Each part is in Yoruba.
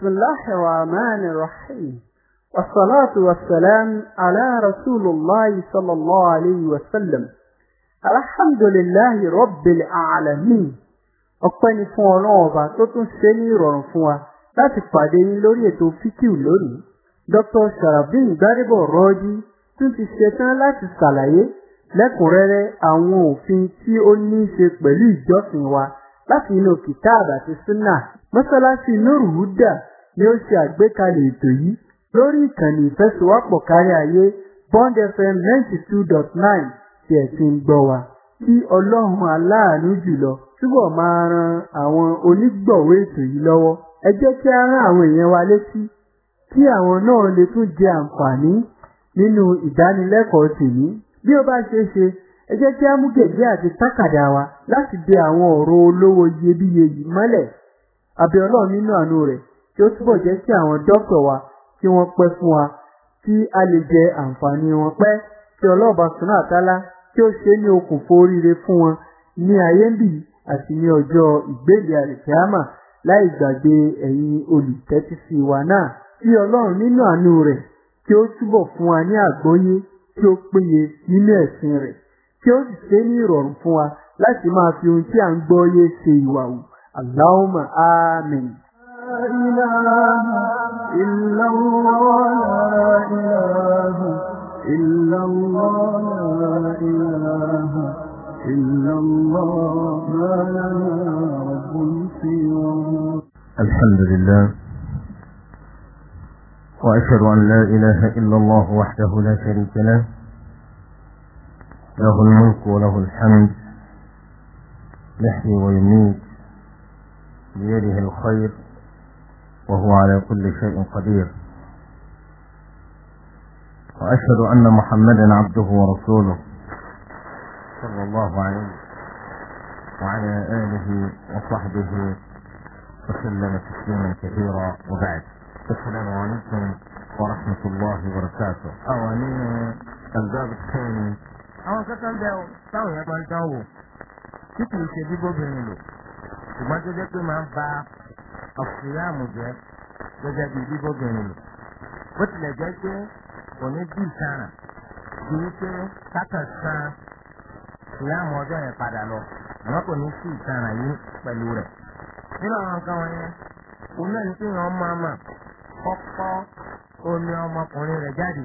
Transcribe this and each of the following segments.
بسم الله الرحمن الرحيم والصلاة والسلام على رسول الله صلى الله عليه وسلم الحمد لله رب العالمين ọpẹ́ ni fún ọlọ́run ọba tó tún ṣe ní ìrọ̀rùn fún wa láti pàdé yín lórí ètò fíkìú lónìí dr sharabin gbadebo rọ́jí tún ti ṣetán láti ṣàlàyé lẹ́kùnrẹ́rẹ́ àwọn òfin tí ó ní í ṣe pẹ̀lú ìjọsìn wa láti inú kìtáàbà àti súnà mọ́sálásí nurhuda ni ó ṣe àgbékalẹ̀ ètò yìí lórí ìkànnì ìfẹsowọ́pọ̀ kárí ayé Bond FM ninety two dot nine tí ẹ ti ń gbọ́ wa. kí ọlọ́run aláàánú jùlọ túbọ̀ máa ran àwọn onígbọ̀wé ètò yìí lọ́wọ́. ẹ jẹ́ kí a rán àwọn èèyàn wa létí kí àwọn náà lè tún jẹ àǹfààní nínú ìdánilẹ́kọ̀ọ́ tèmi. bí ó bá ṣeé ṣe ẹ jẹ́ kí a mú gègé àti tákàdá wa láti de àwọn ọ̀rọ̀ olówó iyebíye yìí mọ́lẹ̀ àbí ọlọ́run nínú àánú rẹ̀ kí ó túbọ̀ jẹ́ kí àwọn dókítà wa kí wọ́n pẹ́ fún wa kí a lè jẹ àǹfààní wọn pẹ́ kí ọlọ́ọ̀bá sùnà àtàlá kí ó ṣe ní okùnfò oríire fún wọn ní ayé ń bì àti ní ọjọ́ ìgbéde àlìkíámà láì gbàgbé ẹ̀yin olùtẹ́tísí wa náà kí ọlọ́run nínú àánú rẹ̀ kí ó túbọ̀ fún wa ní àgbọ́yé kí ó péye nínú ẹ̀sìn rẹ̀ kí ó sì ṣe ní ìrọ̀rùn fún wa láti máa fi ohun tí à ń gbọ́ yé ṣe ìwà wù. Allahumma amin. إله إلا الله لا إله إلا الله لا إله إلا الله رب الحمد لله وأشهد أن لا إله إلا الله وحده لا شريك له له الملك وله الحمد يحيي ويميت بيده الخير وهو على كل شيء قدير وأشهد أن محمدا عبده ورسوله صلى الله عليه وعلى آله وصحبه وسلم تسليما كثيرا وبعد السلام عليكم ورحمة الله وبركاته أولين الباب الثاني àwọn kankan bẹ ọ يا بل máa ń dánwò tí kìí ṣe ما lò àfúyàmù jẹ́ gẹ́gẹ́ bí bíbóbìnrin lò bó tilẹ̀ jẹ́ pé kò ní bí ìsara ju wípé kákan san ìyáàmù ọjọ́ yẹn padà lọ àmọ́ kò ní sí ìsara yìí pẹ̀lú rẹ̀ nínú àwọn nǹkan wọn yẹn kò náà ní kí wọn máa mà kọ́kọ́ omi ọmọkùnrin rẹ̀ jáde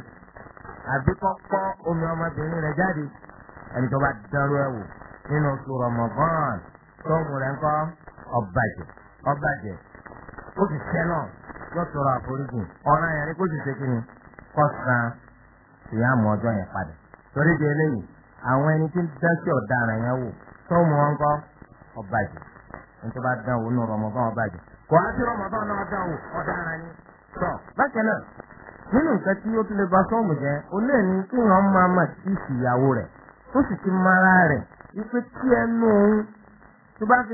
àbí kọ́kọ́ omi ọmọbìnrin rẹ̀ jáde ẹni tó bá dánrú ẹ̀ nínú oṣù tó ń rẹ̀ ń kọ́ ọbàjẹ́ ọbàjẹ́ ó sì tẹ́ náà yóò tọrọ àforíjì ọ̀ràn yẹn ni kó sì ṣe kí ni kọ́ san ìyáàmú ọjọ́ yẹn padà torí di eléyìí àwọn ẹni tí ń dáṣẹ́ ọ̀daràn yẹn wò tó mú wọn kọ́ ọ̀bàjẹ́ ní tó bá dán wò nù rọmọbọ́n kò á sí náà dán wò ọ̀daràn náà nínú nǹkan tí ó sọ́ọ̀mù jẹ́ kí wọ́n máa mà rẹ̀ mara rẹ̀ tí ẹnu òun tó bá fi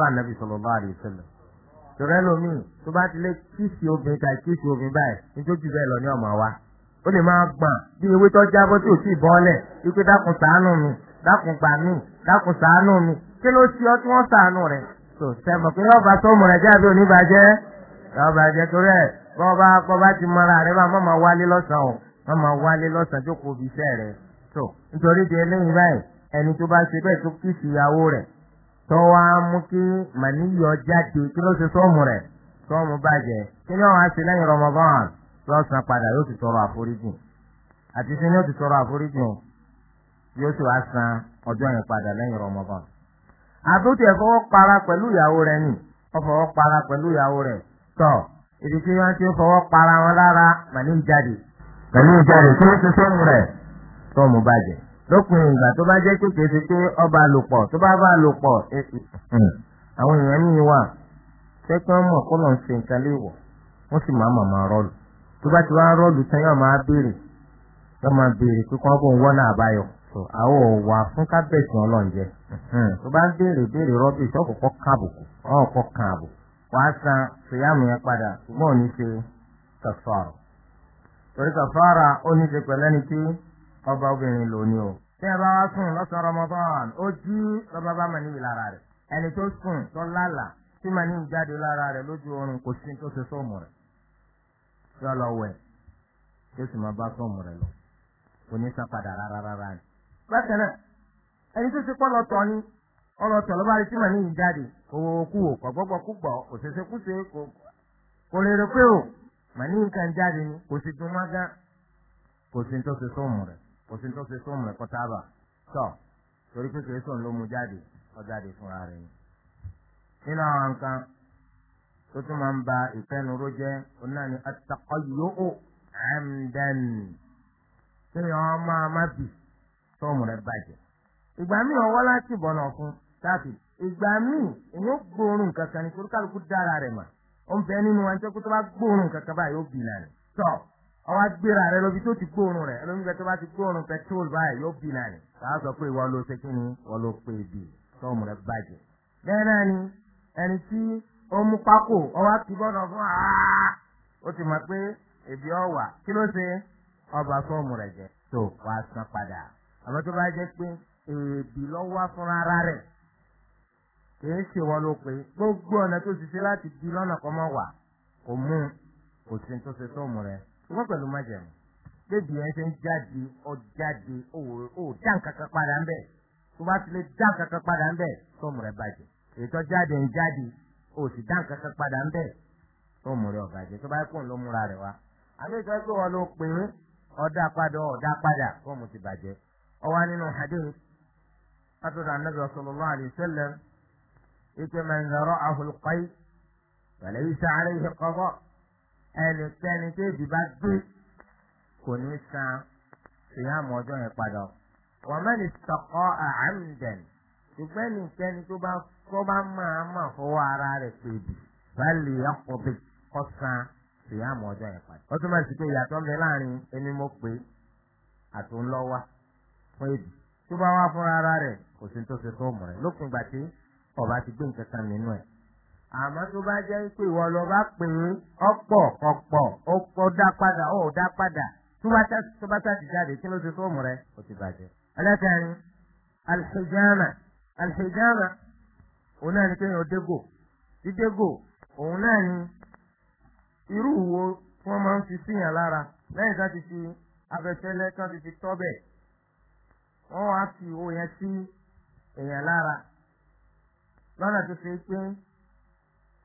fún ànábì sallallahu alaihi wasallam tòrẹ́ lomi tó bá tilẹ̀ kíìsì obìnrin tàbí kíìsì obìnrin báyìí nítorí bẹ́ẹ̀ lọ ní ọmọ wa ó lè máa gbọ̀n bí ewé tó jábọ́ tí ò tí ì wípé dákun ṣàánú mi dákun gbà mí dákun mi kí ló ṣe ọ tí wọ́n ṣàánú rẹ̀ tó sẹ́mọ̀ pé yóò bá sọ́ọ̀mù rẹ̀ jáde oníbàjẹ́ yóò bàjẹ́ torí ẹ̀ bọ́ọ̀bá bọ́ọ̀bá ti mara bá wálé o wálé jókòó tó nítorí báyìí ẹni tó bá ṣe bẹ́ẹ̀ tó tó wá mani kí màníyọ jáde kí ló ṣe sọ́ọ̀mù rẹ̀ sọ́ọ̀mù bàjẹ́ kí ni wọ́n á ṣe lẹ́yìn Ramadan yóò san padà yóò ti tọrọ àforíjì àti sẹ́ni yóò ti tọrọ àforíjì yóò ti wá san ọjọ́ yẹn padà lẹ́yìn Ramadan. àbúté ẹ̀fọwọ́ para pẹ̀lú ìyàwó rẹ̀ ni ọ̀fọwọ́ para pẹ̀lú ìyàwó rẹ̀ tọ̀ ibi tí wọ́n ti fọwọ́ para wọn lára màní jáde pẹ̀lú ìjáde kí ló ṣe sọ́ọ̀mù rẹ̀ sọ́ọ̀mù bàjẹ́. lópin ìgbà tó bá jẹ́ kékeré sí pé ọba lòpọ̀ tó bá bá lòpọ̀ àwọn èèyàn mi wà tẹ́kí mọ̀ kó lọ́n ṣe nǹkan lè wọ̀ wọ́n sì máa màmá rọ́ọ̀lù tó bá ti wá rọ́ọ̀lù tán yóò máa béèrè yóò máa béèrè pé kọ́ bóun wọ́n náà báyọ̀ tó wà fún ọba obìnrin lóní o tí ẹ bá wá sùn lọ́sàn-án Ramadan ó jí lọ́ba bá mọ̀ níbi lára rẹ̀ ẹni tó sùn tó lálà tí màá ní ìjáde lára rẹ̀ lójú oorun kò sí tó ṣe sọ́ọ̀mù rẹ̀ tí lọ wẹ̀ tí sì máa bá sọ́ọ̀mù rẹ̀ lọ kò ní sá padà rárá ni. bákan náà ẹni tó ni jáde kò kò sí tó ṣe sóòmù ẹ̀kọ́ tábà tọ̀ torí pé kìí sóòmù ló mu jáde ọ̀jáde fúnra rẹ̀ ni. nínú àwọn nǹkan tó tún máa ń ba ìfẹ́nuró jẹ́ òun náà ni at-taqayyu amdan kí ni wọ́n máa má bì sóòmù rẹ̀ bàjẹ́. ìgbà míì ọwọ́ láti bọ̀nà fún táàfì ìgbà míì èyí ó gbóòórùn kankan ní torí kálukú dára rẹ̀ mà ó ń bẹ nínú wa ń jẹ́ tó bá gbóòórùn kankan báyìí ó bì náà ni ọwọ́ agbèrè rẹ lóbi tó ti gbóòórùn rẹ ẹlòmíì bẹ tó bá ti gbóòórùn petrol báyìí yóò bì náà ni wàá sọ pé ìwọ ló ṣe kí ni wọ́n ló pè é bì tọ́ọ̀mù rẹ bàjẹ́. bẹ́ẹ̀ náà ni ẹni tí ó mú pákó ọwọ́ ti gbọ́dọ̀ fún aaa ó ti mọ̀ pé èbí ọ̀wà kí ló ṣe ọba fọ́ọ̀mù rẹ jẹ tó wàá san padà àmọ́ tó bá jẹ́ pé èbí lọ́wọ́ fúnra ara rẹ̀ kìí ṣe wọ́n ló pé gbogbo ọ̀nà tó ti ṣe láti di lọ́nà kọ́mọ́ wà kò mú kò tó ṣe tọ́ọ̀mù rẹ̀ ìwọ pẹ̀lú májẹ̀mú débi ẹ̀ ṣe ń jáde ọ̀jáde ò dá nǹkan kan padà ń bẹ̀ tó bá ti lè dá nǹkan kan padà ń bẹ̀ rẹ̀ bàjẹ́ ètò jáde ń jáde sì dá padà ń bẹ̀ fọ́ọ̀mù rẹ̀ ọ̀bàjẹ́ tó bá yẹ kóun ló múra rẹ̀ wá. ló pè é ọ̀dà padà ọ̀dà padà ti bàjẹ́ nínú hadith látọ̀dọ̀ ìpè ẹnikẹ́ni tó ebi bá dé kò ní san ìyáàmù ọjọ́ yẹn padà. wọ́n mẹ́ni sọ̀kọ́ àmdẹ̀n ṣùgbọ́n ẹnikẹ́ni tó bá bá máa máa fọwọ́ ara rẹ̀ pèbì báàlì ọkùnrin kọ́ san ìyáàmù ọjọ́ yẹn padà. ó túmọ̀ sí pé ìyàtọ̀ ń bẹ láàrin ẹni mo fún ebi. tó wá fúnra ara rẹ̀ kò sí tó ṣe rẹ̀ ọba ti gbé nǹkan kan àmọ́ tó bá jẹ́ pé ìwọ lọ bá pè é ọ̀pọ̀ ọ̀pọ̀ ó dá padà ó dá padà tó bá jáde ti rẹ ó ti bàjẹ́. ẹlẹ́kẹ̀rin alhijama alhijama òun náà ni pé èèyàn dégò dídégò òun náà ni irú wo tí wọ́n máa ń fi síyàn lára lẹ́yìn tá ti fi abẹ́sẹ́lẹ́ kan ti fi tọ́ bẹ̀ wọ́n wá fi owó yẹn sí èèyàn lára lọ́nà tó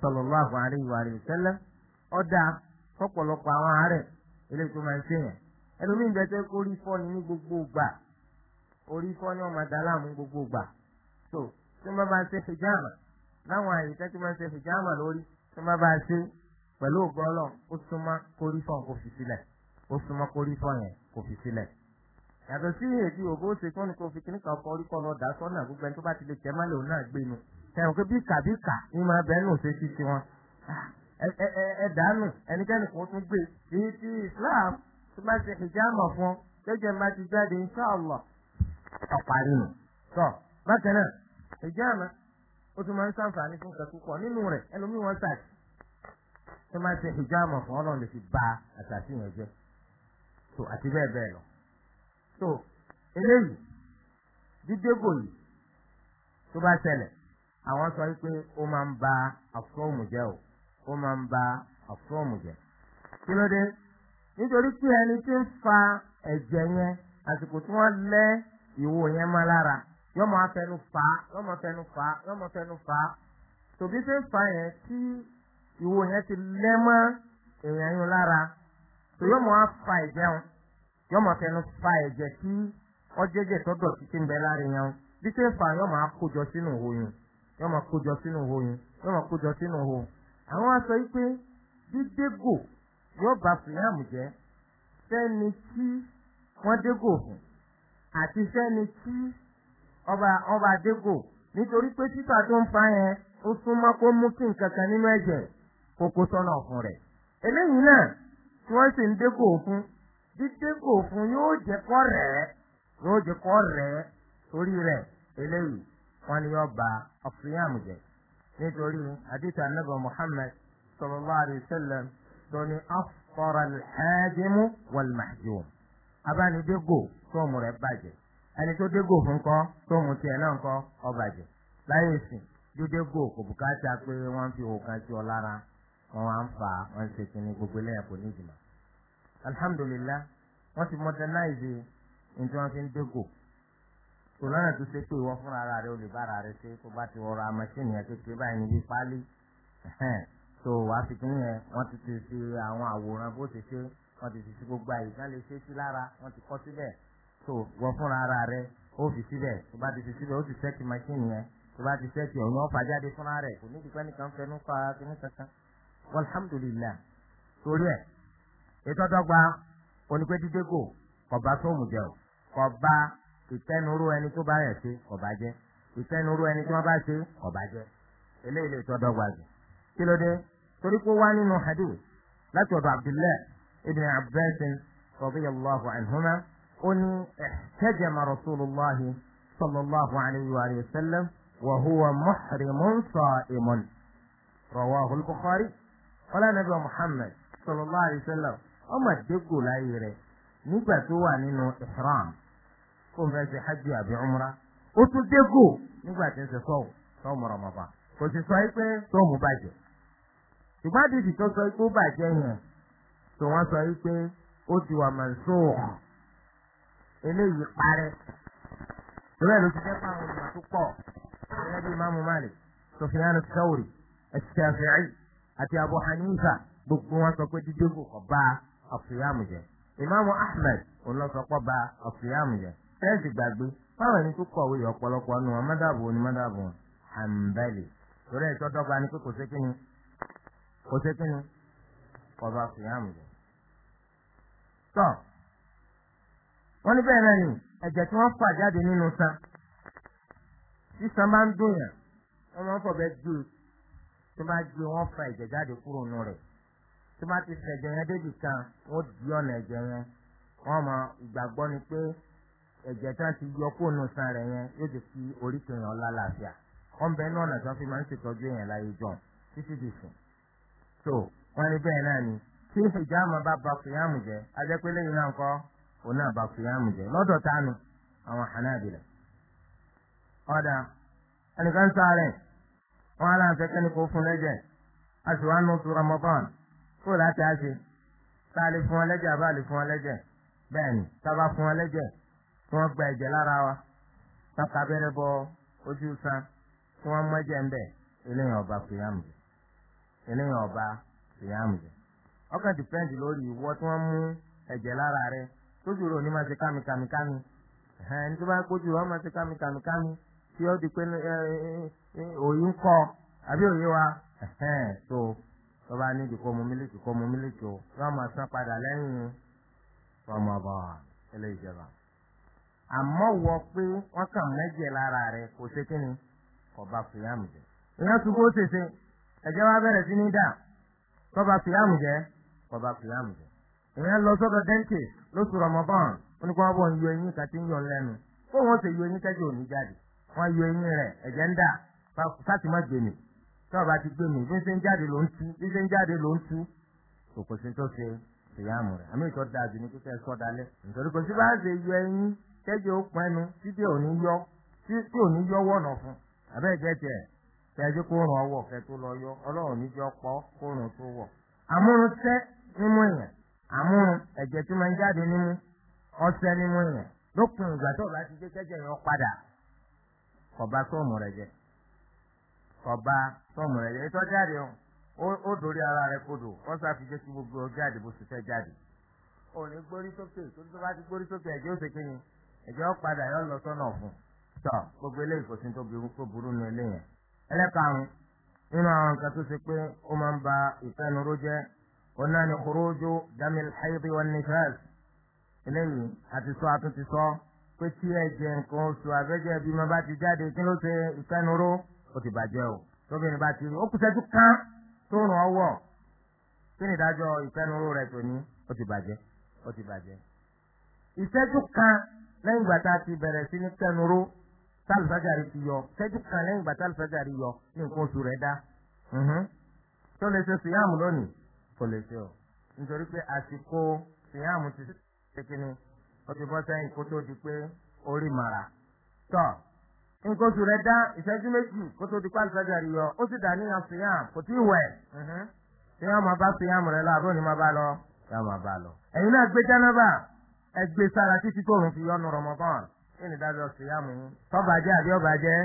sallallahu alayhi wa sallam ọ̀dà fọ́pọ̀lọpọ̀ àwọn àárẹ̀ eléyìí tó máa ń ṣèyàn ẹlòmíín bẹ́tẹ́ kó rí fọ́ọ̀nì ní gbogbo gbà orí fọ́ọ̀nì ọmọ dàlámù gbogbo gbà so tí wọ́n bá ṣe fìjáàmà láwọn àyè tẹ́ tí wọ́n ṣe fìjáàmà lórí tí wọ́n bá ṣe pẹ̀lú ògbọ́lọ̀ ó súnmọ́ kórí fọ́ọ̀n kò fi sílẹ̀ ó súnmọ́ kórí fọ́ọ̀n yẹn kò fi sílẹ̀ yàtọ̀ sí èdè òbó ṣe tó ẹ̀rùn pé bí kà bí kà ní máa bẹ́ẹ̀ nù ṣe ṣí tiwọn. ẹ dànù ẹnikẹ́ni kò tún gbé èyí tí Islam tó bá ṣe hijama fún jẹjẹ máa ti jáde inṣàlá ọ̀parí nù. tọ́ bákan náà hijama ó tún máa ń sàǹfààní fún kẹ́kọ̀ọ́ nínú rẹ̀ ẹlòmíì wọ́n sàkí tó máa ṣe hijama fún ọlọ́run lè fi ba àtàtì yẹn jẹ́ so àti bẹ́ẹ̀ bẹ́ẹ̀ lọ. so eléyìí dídébò yìí tó bá ṣẹlẹ̀ àwọn sọ wípé ó máa ń ba o ó máa ń ba àfọ́ọ̀mù jẹ́ kí ló dé nítorí pé ẹni tí ń fa ẹ̀jẹ̀ yẹn àsìkò tí wọ́n lẹ́ yẹn mọ́ lára máa fẹnu máa fẹnu máa fẹnu fa yẹn tí yẹn ti lẹ́ mọ́ èèyàn yín lára tó máa fa ẹ̀jẹ̀ wọn máa fẹnu fa bí ń fa máa yóò máa kójọ sínú ihò yẹn yóò máa kójọ sínú ihò àwọn aṣọ yìí pé dídégò yóò bá fìyàmù jẹ́ sẹ́ni tí wọ́n dégò fún àti sẹ́ni tí ọba ọba dégò nítorí pé títà tó ń fa yẹn ó súnmọ́ kó mú kí nǹkan kan nínú ẹ̀jẹ̀ kókó sọ́nà ọ̀fun rẹ̀ eléyìí náà tí wọ́n sì ń dégò fún dídégò wọ́n ní yóò ba ọ̀sùnyàmù jẹ́ nítorí àdìsí anábà Muhammad sallallahu alayhi wa sallam tó ní afṭara al-hājimu wal-maḥjūm abánidégò sóòmù rẹ̀ bàjẹ́ ẹni tó dégò fún kọ́ sóòmù tiẹ̀ náà kọ́ ó bàjẹ́ láyé ìsìn dídégò kò bùkátà pé wọ́n fi òkan sí ọ lára wọn á ń fa wọn ṣe kínní gbogbo ilé ẹ̀kọ́ níjìmọ̀ alhamdulillah wọ́n ti modernize ní tí wọ́n fi ń dégò tòlọ́nà tó ṣe pé ìwọ fúnra ara rẹ o lè bára rẹ ṣe tó bá ti wọra machine yẹn kékeré báyìí níbi pálí tó wàá fi kí yẹn wọ́n ti ti ṣe àwọn àwòrán bó ṣe ṣe wọ́n ti ti ṣe gbogbo àyè ká lè ṣe sí lára wọ́n ti kọ́ síbẹ̀ tó wọ́n fúnra ara rẹ ó fi síbẹ̀ tó bá ti fi síbẹ̀ ó ti ṣẹ́ẹ̀tì machine yẹn tó bá ti ṣẹ́ẹ̀tì ọ̀yàn ọ̀fà jáde fúnra rẹ̀ kò ní ìdíkọ́ nìkan fẹnu fa kọ̀ọ̀bá ìtẹnurú ẹni tó bá yẹn ṣe ọba jẹ ìtẹnurú ẹni tí wọn bá ṣe ọba jẹ eléyìí lè tọ́ dọ́gba jù kí ló dé torí pé wá nínú hadith láti ọ̀dọ̀ abdullahi ibn abbas radiyallahu anhuma ó ní ihtajama rasulullahi sallallahu alayhi wa sallam wa huwa muhrimun sa'imun rawahu al-bukhari wala nabi muhammad sallallahu alayhi wa sallam ọmọ àdégò láyé rẹ̀ nígbà tó wà nínú ihram o fẹ́ ṣe hajj àbí umra ó tún dégò nígbà tí ń sọ́wọ́ sọ́wọ́ kò sì sọ pé sọ́wọ́ bàjẹ́ ṣùgbọ́n àdìsí tó sọ pé ó bàjẹ́ yẹn tó wọ́n sọ pé ó ti wà mansukh eléyìí parẹ́ ìrẹ́ ló ti jẹ́ fáwọn olùmọ̀ tó pọ̀ ìrẹ́ bíi Imam Malik Sufyan Ath-Thawri Ash-Shafi'i àti Abu Hanifa gbogbo wọn sọ pé kò bá jẹ bá ẹ sì gbàgbé báwọn ẹni tó kọ̀wé ọ̀pọ̀lọpọ̀ nù wọn mọ́dàbù wọn ni mọ́dàbù wọn torí ẹ̀ dọ́gba ni pé kò sékìní kò sékìní kọba fìyàmù tọ́ wọ́n ní bẹ́ẹ̀ náà ni ẹ̀jẹ̀ tí wọ́n fà jáde nínú san sísan bá ń dùn yàn wọ́n máa ń ju tí wọ́n bá ju wọ́n fa ẹ̀jẹ̀ jáde kúrò nù rẹ̀ tí wọ́n bá ti fẹ̀jẹ̀ yẹn kan wọ́n di ọ̀nà ẹ̀jẹ̀ yẹn wọ́n ẹ̀jẹ̀ tá a ti yọ kó nu san rẹ̀ yẹn yóò ti fi oríkèé yẹn ọlá làáfíà ọ̀nbẹ náà nàá tó fi máa ń ṣètọ́jú yẹn láyé jọ títí di sùn. so wọ́n ní bẹ́ẹ̀ náà ni tí ìjàmà bá ba kùyàmù jẹ́ ajẹ́pẹ́lẹ́ yìí náà kọ́ òun náà ba kùyàmù jẹ́ lọ́dọ̀ tánu àwọn hànáàbìlẹ̀. ọ̀dà ẹnìkan sáré wọn aláǹfẹ́ kẹ́ni Ramadan kó láti àṣe sáà lè fún ọ lẹ́jẹ̀ àbá lè lẹ́jẹ̀ wọn gba ẹ̀jẹ̀ lára wa ta abẹ́rẹ́ bọ ojú san tí wọ́n mọ́jẹ̀ ń ọba fìyàmù jẹ eléyìí ọba fìyàmù jẹ ọkàn dìpẹ́ǹdì lórí ìwọ tí wọ́n mú lára rẹ rò ní ṣe rò ṣe tí ó di pé kọ àbí wa tó tó bá ní mu mílíkì àmọ́ wọ pé wọ́n kàn mẹ́jẹ̀ lára rẹ̀ kò ṣe kí ni kò bá fìyàmù jẹ. ìyẹn tún kó ṣèṣe ẹ̀jẹ̀ wa bẹ̀rẹ̀ sí ní dà kò bá fìyàmù jẹ kò bá fìyàmù jẹ. ìyẹn lọ sọ́dọ̀ dẹ́ńtì lóṣù rọmọbọ́n wọn ni kí wọ́n bọ̀ ń yọ eyín kan tí ń yọ lẹ́nu kó wọ́n ṣe yọ eyín kẹ́jọ́ òní jáde wọ́n yọ eyín rẹ̀ ẹ̀jẹ̀ ń dà sátì má gbèmí tí ọba ti gbèmí bí ṣe ń jáde ló ń tú bí ṣe ń jáde ló ń tú tẹ́jọ́ ó pẹ́nu títí ò yọ títí òní yọ wọ̀nà fún abẹ́ẹ̀kẹ́ tiẹ̀ kẹ́jú kó ràn ọwọ́ kẹ́ tó lọ yọ ọlọ́run níjọ́ pọ́ kó ràn tó wọ̀. àmúrun tẹ́ nímú èèyàn àmúrun ẹ̀jẹ̀ tí máa ń jáde nímú ọ̀sẹ̀ nímú èèyàn lópin ìgbà tó bá kọba sọ́ọ̀mù rẹ̀ kọba sọ́ọ̀mù rẹ̀ ètò jáde ó ara kodò gbogbo fẹ́ jáde. òní gbórí sókè tó ẹ̀jẹ̀ ó padà yọ lọ sọ́nà ọ̀fun tọ̀ gbogbo eléyìí kò sí tó burú nu eléyẹn ẹlẹ́karùn nínú àwọn nǹkan tó ṣe pé ó máa ń ba ìfẹ́nuró jẹ́ òun náà ni khuruju damil haidi wan nifas eléyìí àti sọ àtúntì sọ pé tí ẹ̀jẹ̀ nǹkan oṣù abẹ́jẹ́ bí mo bá ti jáde kí ló ṣe ìfẹ́nuró ó ti bàjẹ́ o tóbìnrin bá ti rí ó kù sẹ́jú kan tó ràn ọ́ wọ̀ kí ni ìdájọ́ ìfẹ́nuró rẹ̀ tòní ó ti bàjẹ́ ó ti bàjẹ́ ìṣẹ́jú kan lẹ́yìn ìgbà tá a ti bẹ̀rẹ̀ sí ní kẹnuró tálùfájàrí ti yọ ṣẹ́jú kan lẹ́yìn ìgbà tálùfájàrí yọ ní nǹkan oṣù rẹ̀ dá mhm. tó lè ṣe síyáàmù lónìí kò lè ṣe o nítorí pé àsìkò síyáàmù ti ṣe kíni ó ti bọ́ sẹ́yìn kó tó di pé orí màrà tọ́ nǹkan oṣù rẹ̀ dá ìṣẹ́jú méjì kó tó di pé tálùfájàrí yọ ó sì dà níyàn síyáàmù kò tí wẹ̀ mhm. síyáàmù bá síyáàmù rẹ̀ lọ àbúrò ni máa bá lọ ẹ gbé sára títí tóòrùn fi yọnu Ramadan kí ni dájọ́ sí yá mu yín tọ́bàjẹ́ àbí ọ̀bàjẹ́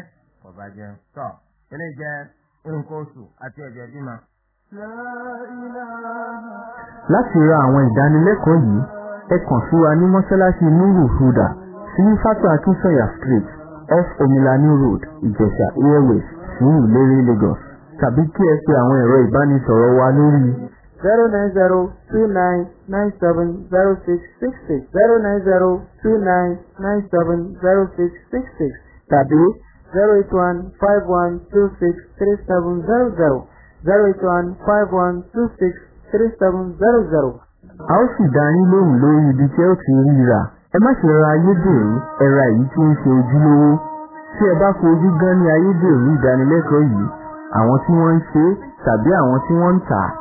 ọ̀bàjẹ́ tọ́ ilé jẹ́ nǹkan oṣù àti ẹ̀jẹ̀ bímọ. láti ra àwọn ìdánilẹ́kọ̀ọ́ yìí ẹ kàn sí wa ní mọ́ṣáláṣí nuru huda sí fatu akinsanya street off omilani road ìjẹ̀sà airways sí ìlérí Lagos tàbí kí ẹ pe àwọn ẹ̀rọ ìbánisọ̀rọ̀ wa lórí zero nine zero two nine nine seven zero six six six zero nine zero two nine nine seven zero six six six tàbí zero eight one five one two six three seven zero zero zero eight one five one two six three seven zero zero. a ó sì dá yín lóhùn lórí ibi tí ó ti rí rà ẹ má ṣe ra ayédèrú ẹ̀ra èyí tí ń ṣe ojúlówó tí ẹ bá fojú gan ní ayédèrú ìdánilẹ́kọ̀ọ́ yìí àwọn tí wọ́n ń ṣe tàbí àwọn tí wọ́n ń tà á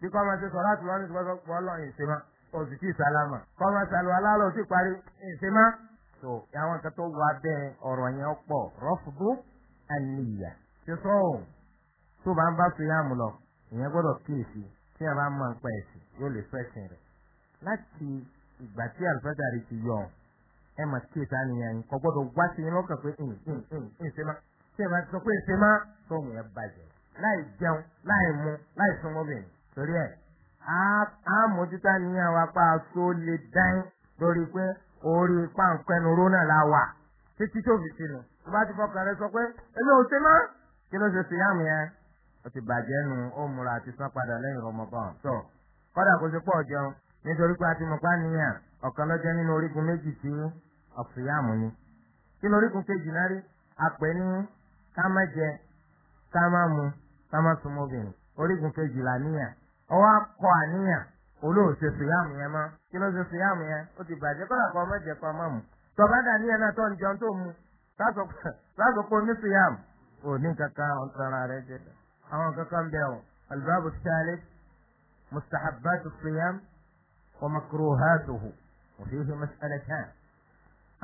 bí kọ́ máa ṣe sọ láti wọ́n ní ìfọwọ́sọ pọ́lọ́ ìṣèmá oṣù tí ìsàlámà kọ́ máa ṣàlù aláàlọ́ sí parí ìṣèmá. tó àwọn nǹkan tó wà bẹ́ẹ̀ ọ̀rọ̀ yẹn pọ̀ rọ́fùdú àníyà ṣe sọ́ọ̀ tó bá ń bá fi yàmù lọ ìyẹn gbọ́dọ̀ kíyèsí tí a bá ń máa ń pa ẹ̀sìn yóò lè fẹ́ sìn rẹ̀ láti ìgbà tí àlùfáàdàrí ti yọ ẹ mà kíyèsí àníyàn kò gbọ́dọ̀ wá sí yín lọ́kàn pé ìṣèmá tí ẹ bá ti sọ pé ìṣèmá tó mú ẹ bàjẹ́ láì jẹun láì mu láì súnmọ́bìnrin torí ẹ̀ á mójútó àníyàn wa pa aṣọ lè dán lórí pé orí pàǹpẹ́nu rónà la wà títí tó fi sínú tó bá ti fọkàn rẹ sọ pé èmi ò ṣe mọ́ kí ló ṣe síyàmù yẹn ó ti bàjẹ́ nu ó múra àti san padà lẹ́yìn rọmọbọ̀n tó kọ́dà kó ṣe pọ̀ jẹun nítorí pé a ti mọ̀ ọ̀kan ọwọ́ akọ àníyàn olóòṣè sùyàmù yẹn mọ́ kí ló ṣe sùyàmù yẹn ó ti bàjẹ́ kọ́lá kọ́ ọmọ ìjẹ́ kọ́ ọmọ mu tọ́ba dàní yẹn náà tó ń jẹun tó mu lásòkò ní sùyàmù ò ní kankan ọ̀tara rẹ jẹ àwọn kankan bẹ́ẹ̀ o albabu thalith mustahabbatu siyam wa makruhatuhu wa fihi mas'alatan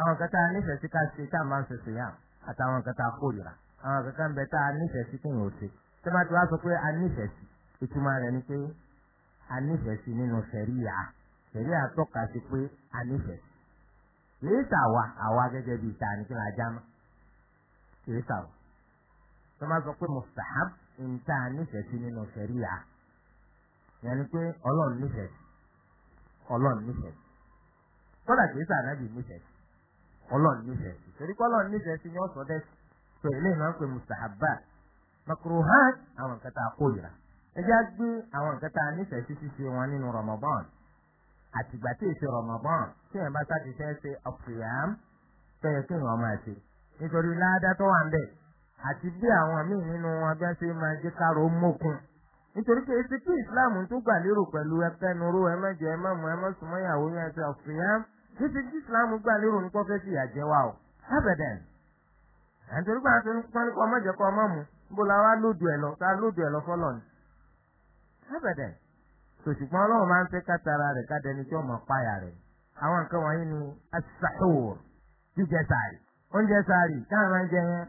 àwọn kankan nífẹ̀ẹ́ sí ká ṣe tá a máa ṣe sùyàmù àtàwọn kankan kórìíra àwọn kankan bẹ́ẹ̀ tá a nífẹ̀ẹ́ sí kéèyàn ò ṣe tí ìtumọ̀ rẹ̀ ni pé a nífẹ̀ẹ́ sí nínú sẹ̀ríyà sẹ̀ríyà tọ́ka sí pé a nífẹ̀ẹ́ sí kìí sàwà àwa gẹ́gẹ́ bíi ta ni kí la já kìí sàwà tó máa sọ pé mustahab nta nífẹ̀ẹ́ sí nínú sẹ̀ríyà yẹn pé ọlọ́run nífẹ̀ẹ́ sí ọlọ́run nífẹ̀ẹ́ sí kọ́dà kìí sàwà náà bíi nífẹ̀ẹ́ sí ọlọ́run nífẹ̀ẹ́ sí torí kọ́ ọlọ́run nífẹ̀ẹ́ sí ni tó ilé a kó yìí ẹjẹ́ á gbé àwọn nǹkan tá a nífẹ̀ẹ́ sí ṣíṣe wọn nínú Ramadan àtìgbà tí èsì Ramadan tí ẹ̀ bá sáti fẹ́ ṣe ọ̀pìyàm tó yẹ kí wọ́n máa ṣe nítorí ládá tó wà ń bẹ̀ àti bí àwọn míì nínú wọn bẹ́ẹ̀ ṣe máa jẹ́ káàró mókun nítorí pé èsì kí ìsìláàmù tó gbà lérò pẹ̀lú ẹkẹnuró ẹ má ẹ má mu ẹ má sùn mọ́yàwó yẹn ṣe ọ̀pìyàm títí kí ìsìláàmù gbà lérò nípa fẹ́ ṣe ìyàjẹ́ wa o abẹ́dẹ̀n àti nígbà tó ń pọ́n ọmọ jẹ́ ọmọ mu níbo la wá lódù ẹ̀ lọ ta lódù ẹ̀ lọ fọ́lọ́ abẹ̀dẹ̀ sòṣùpọ̀ ọlọ́run máa ń fẹ́ kátara rẹ̀ ká dẹni tí ọmọ páyà rẹ̀ àwọn nǹkan wọ̀nyí ni asahur jíjẹ sàárì oúnjẹ sàárì máa ń jẹ yẹn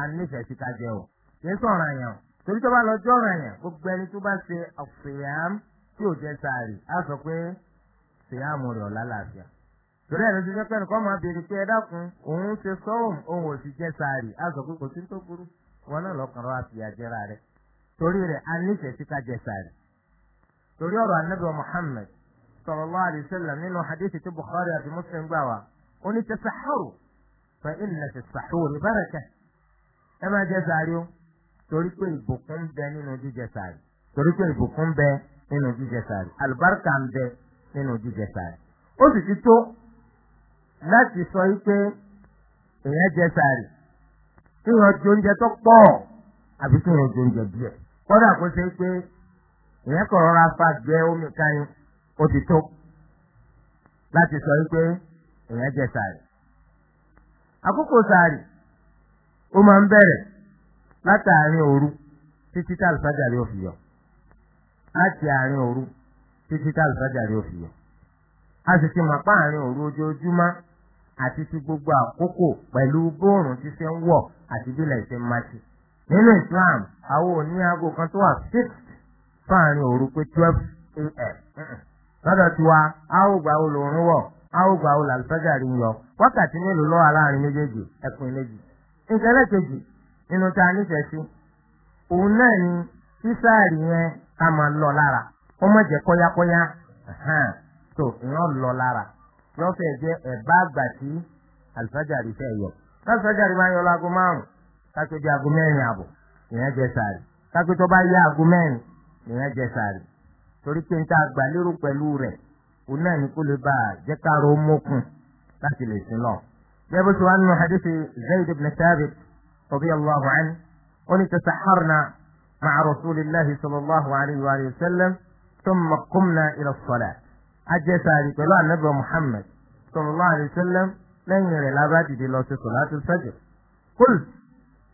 ànífẹ̀ẹ́ sí ká jẹ o kì í sọ̀rọ̀ àyàn torí tó bá lọ jọ̀rọ̀ àyàn gbogbo ẹni tó bá ṣe ọ̀fìyàm tí ò jẹ sàárì á sọ pé ṣìyàmù rẹ̀ ọ̀la làáfíà torí ẹni tó jẹ́ pé ẹnìkan máa béèrè pé ẹ òun ṣe òun ò sì jẹ sàárì á sọ pé kò torí rẹ̀ a nífẹ̀ẹ́ sí ká jẹ sàárì torí ọ̀rọ̀ anabi wa muhammed sallallahu alayhi wa sallam nínú hadithi tí bukhari àti muslim gbà wá ó ní tasaxuru fa inna tasaxuru baraka ẹ máa jẹ sàárì o torí pé ìbùkún bẹ nínú jíjẹ sàárì torí pé ìbùkún bẹ nínú jíjẹ sàárì alibarika ń bẹ nínú jíjẹ sàárì ó sì ti tó láti sọ pé èèyàn jẹ sàárì kí wọn jẹ oúnjẹ tó pọ̀ àbí kí wọn jẹ oúnjẹ díẹ̀. kódà kó ṣe pé ìyẹn kọ̀ rọra fa gbẹ omi sọ wípé ìyẹn jẹ Akụkọ àkókò sàárì ó máa lati bẹ̀rẹ̀ látàárín òru títí tá àlùfájàrí ò fi yọ láti àárín òru a sì ti mọ̀ pa àárín òru àti ti gbogbo àkókò pẹ̀lú bóòrùn ti ṣe ń wọ̀ àti bí nínú Islam àwọn ò aago kan tó wà six fáàrin òru pé twelve a.m. lọ́dọ̀ a gba gbà olóorun wọ̀ a gba olàlùfẹ́jà rí yọ wákàtí mélòó lọ́wọ́ láàrin méjèèjì ẹkùn méjì. nǹkan ẹlẹ́kejì nínú tá òun náà lọ lára kó má tó lọ lára àgbà tí àlùfẹ́jà rí yọ. kápẹ́jọ aago mẹ́rin àbọ̀ èèyàn jẹ sààrì kápẹ́jọ bá yá aago mẹ́rin èèyàn jẹ sààrì torí pé n ta gbà lérò pẹ̀lú rẹ̀ òun náà ní kó lè bá a jẹ́ káàró mókun láti lè sin lọ. jẹ́bú tí wàá nù hadithi zayd ibn thabit radiyallahu anhu wọ́n ní tasaharna ma'a rasulillahi sallallahu alayhi wa sallam thumma qumna ila as-salah ajẹ́ sààrì anabi muhammad sallallahu alayhi wa sallam lẹ́yìn rẹ̀ lábàá lọ sí sọ̀lá tó sẹ́jọ̀ kúlù.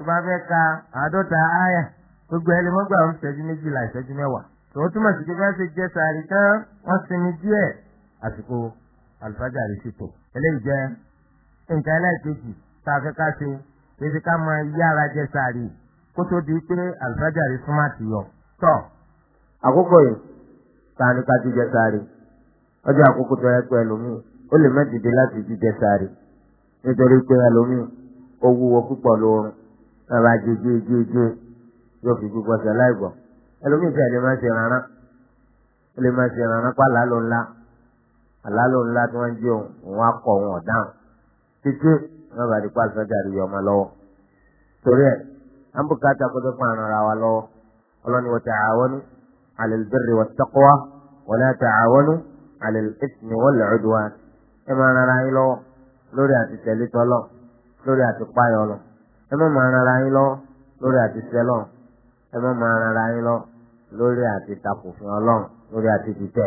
tó bá fẹ́ ka àádọ́ta àyà gbogbo ẹni mọ́gbà ń ṣẹ́jú méjìlá ìṣẹ́jú mẹ́wàá tó túmọ̀ sí kékeré ṣe jẹ́ sàárì tán wọ́n sinmi díẹ̀ àsìkò àlùfáàjà rẹ̀ ṣètò eléyìí jẹ́ nǹkan ẹlẹ́ẹ̀kejì tá a fẹ́ ká ṣe pèsè ká mọ yára jẹ sàárì kó tó di pé àlùfáàjà rẹ̀ súnmọ́ àti yọ. tọ́ àkókò yìí sàánì ká jíjẹ sàárì ọjọ́ àkókò tó yẹ pé ẹlòmíì ó lè má dìde láti sàárì nítorí pé ẹlòmíì ó wúwo púpọ̀ lóorun bàbá jẹjẹjẹjẹ yóò fi gbogbo ọ̀sẹ̀ láì gbọ̀ ẹlòmíì a lè máa ṣe rárá lè máa ṣe rárá pa àlálò ńlá àlálò ńlá tí wọ́n ń jẹ òun akọ òun ọ̀daràn títí bá di pa sọ́jà rí ọmọ wa lọ́wọ́ ọlọ́ni wa ẹ má máa rara yín lọ lórí àti sẹlọ ẹ má rara yín lọ lórí àti takòfin Ọlọ́run lórí àti dìtẹ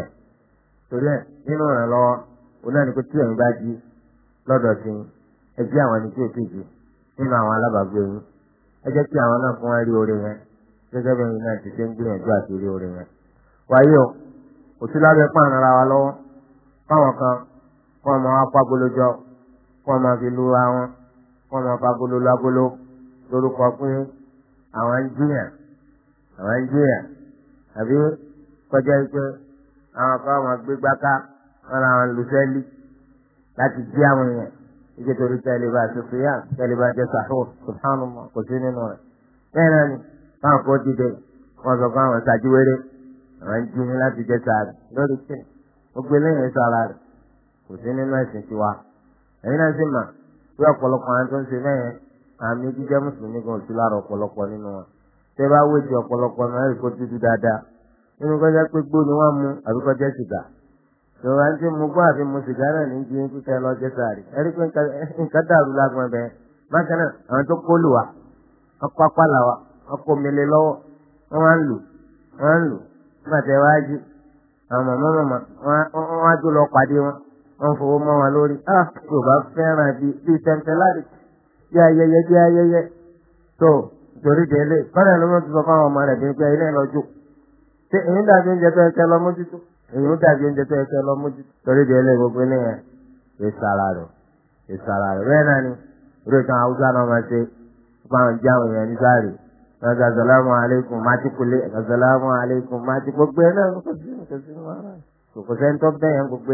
torí ẹ nínú ìrànlọ́wọ́ onáà ní pé tí ẹ̀yin bá jí lọdọ sí ẹ jí àwọn ẹni tí ò tíì jí nínú àwọn alábàágbé yín ẹ jẹ́ kí àwọn náà fún wa rí oore yẹn bí náà ti ṣe ń gbìyànjú àti o ara wa fáwọn kan ọmọ wa ọmọ kọ́ lọ fagolo lágolo lórúkọ pé àwọn ń jìyàn àwọn ń jìyàn àbí kọjá pé àwọn kan wọn gbé gbáka wọn làwọn lu sẹ́lí láti jí àwọn èèyàn ike torí tẹ́lẹ̀bá sọ̀fìyà tẹ́lẹ̀bá jẹ́ sàhùr subhanallah kò sí nínú rẹ̀ bẹ́ẹ̀ náà ni káwọn kò dìde wọn sọ fún àwọn ṣàjíwéré àwọn ń jìyàn láti jẹ́ sàárẹ̀ lórí kí ni gbogbo eléyìí sọ ara rẹ̀ kò sí nínú ẹ̀sìn tiwa ẹ̀yin náà sì mà pé ọ̀pọ̀lọpọ̀ àwọn tó ń ṣe bẹ́ẹ̀ àmì jíjẹ́ mùsùlùmí gan sí lára ọ̀pọ̀lọpọ̀ nínú wọn tẹ́ bá wéjì ọ̀pọ̀lọpọ̀ náà rí kó dúdú dáadáa nínú kọjá pé gbó ni wọ́n mu àbí kọjá sìgá ìrora ń tí mo gbọ́ àfi mu sìgá náà ní ju kíkẹ́ lọ jẹ́ sáré ẹ̀rí pé nǹkan dàrú lágbọ́n bẹ́ẹ̀ bákan náà àwọn tó kó lù wá ọkọ̀ apálà wa ọkọ̀ mele lọ́wọ́ wọ́n wá ń lù wọ́n ń lù nígbà wọ́n fọwọ́ mọ́ wọn lórí á tó bá fẹ́ràn bí bí tẹ̀ǹtẹ̀ láti bí ayẹyẹ bí ayẹyẹ tó torí délé kọ́nà ló mọ̀ sọ fún àwọn ọmọ rẹ̀ bí pé ilé lọ́jọ́ ṣé èyí ń dàbí oúnjẹ tó yẹ kẹ́ lọ mójútó èyí ń dàbí oúnjẹ tó lọ mójútó torí délé gbogbo ìsara ìsara bẹ́ẹ̀ náà ni orí ìtàn haúsá náà máa ṣe fáwọn jáwé yẹn ní sáré ọ̀gá salamu aleykum aleykum gbogbo náà kò sí sí kò sẹ́ńtọ́ bẹ́ẹ̀ yẹn gbogbo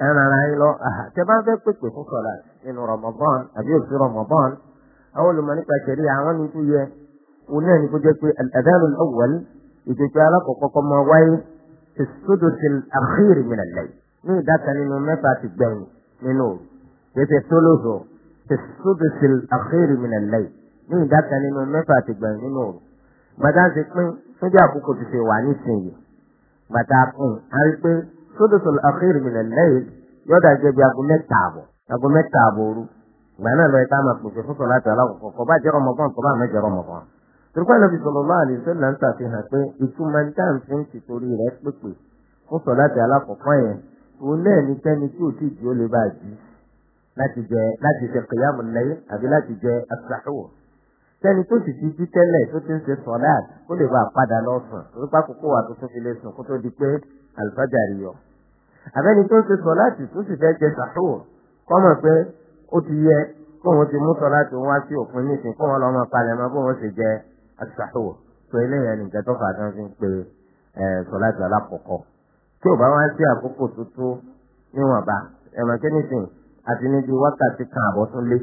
ẹ rárá yín lọ tẹ bá fẹ́ pèpè fún sọlá nínú Ramadan àbí òsì Ramadan àwọn olùmọ̀ nípa ìṣẹ̀lẹ̀ àwọn ní tó yẹ òun náà ní kó jẹ́ pé al-adhan al-awwal ìpèpè alákọ̀ọ́kọ́ kọ́ máa wáyé ti sódòsì al-akhir min al-layl ní ìdáta nínú mẹ́fà ti gbẹ̀yìn nínú òru kẹsẹ tólóso ti sódòsì al-akhir min al-layl ní ìdáta nínú mẹ́fà ti gbẹ̀yìn nínú òru gbàdá ti pín sójú àkókò ti ṣe wà nísìnyí gbàdá pín àrí pé sódòsò àkérè mìíràn lẹ́yìn yọ̀dà jẹ́ bí aago mẹ́ta àbọ̀ aago mẹ́ta àbọ̀ òru ìgbà náà lọ́yẹ̀ká máa pèsè fún sọ̀rọ̀ àti alákọ̀ọ́kọ́ kọ́ bá jẹ́ ọmọkàn kọ́ bá mẹ́jọ ọmọkàn. turkey lọ́bi sọ̀rọ̀ máa lè sọ́lá ń ṣàfihàn pé ìtumọ̀ dáhùn fi ń tìtorí rẹ̀ pèpè fún sọ̀rọ̀ àti alákọ̀ọ́kọ́ yẹn òun náà ní kẹ́ni tí ò tíì tí ó lè bá jí láti jẹ láti kìyàmù lẹ́yìn àbí láti jẹ asàhùwọ̀ sẹ́ni tó sì ti jí tẹ́lẹ̀ tó ti ń ṣe sọ̀láàt kó lè bá a padà lọ sùn torí wà tó tún fi lè sùn kó tó di pé àlùfájàrí yọ abẹ́ni tó ń ṣe sọ láti tó sì fẹ́ jẹ sàtúwò kọ́ mọ̀ pé ó ti yẹ kó wọn ti mú sọ láti wá sí òpin nísìnyí kó wọn lọ́ máa palẹ̀ mọ́ kó wọn sì jẹ àtúnṣàtúwò pé eléyàn nìkan tó fàá tán fi ń pe sọ láti alákọ̀ọ́kọ́ tí ò bá wá sí àkókò tó tó níwọ̀nba ẹ̀mọ̀ kí nísìnyí àti níbi wákàtí kan àbọ̀ tún lé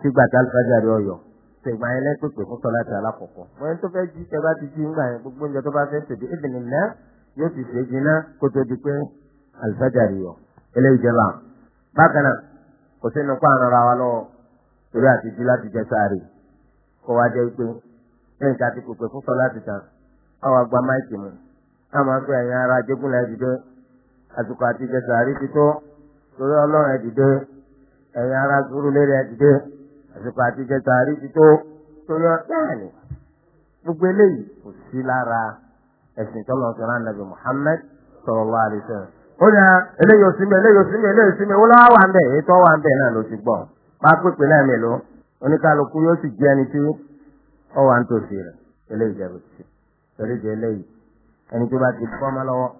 sígbà tí alifájàre ọyọ ṣègbà yẹn fún sọ láti alákọ̀ọ́kọ́ yóò ti ṣe jiná kó tó di pé alifájàrí yọ eléyìí jẹba bákan náà kò sínú kó àrùn ara wa torí àti láti jẹ sáré kó wá jẹ́ pé tí ti kò pé fún sọlá tàn àwọn gba máìkì mu àwọn àgbà ẹ̀yìn ara jẹ́gúnlẹ̀ àsìkò sáré ti tó torí ọlọ́run ẹ̀yìn ara sùúrù sáré ti tó torí gbogbo eléyìí kò sí lára. ẹ̀sìn tọ́lọ̀ ti rán nàbì Muhammad sallallahu alaihi wasallam. ó yà eléyìí òsì mi eléyìí òsì mi eléyìí òsì mi wọ́n lọ́wọ́ wà ń bẹ̀ ètò wà ń bẹ̀ náà ló ti gbọ́ bá pèpè náà mi lò oníkálukú yóò sì jẹ́ ẹni tí ó wà ń tòsí rẹ̀ eléyìí jẹ́ bòtí torí jẹ́ eléyìí ẹni tó bá ti bọ́ ọmọ lọ́wọ́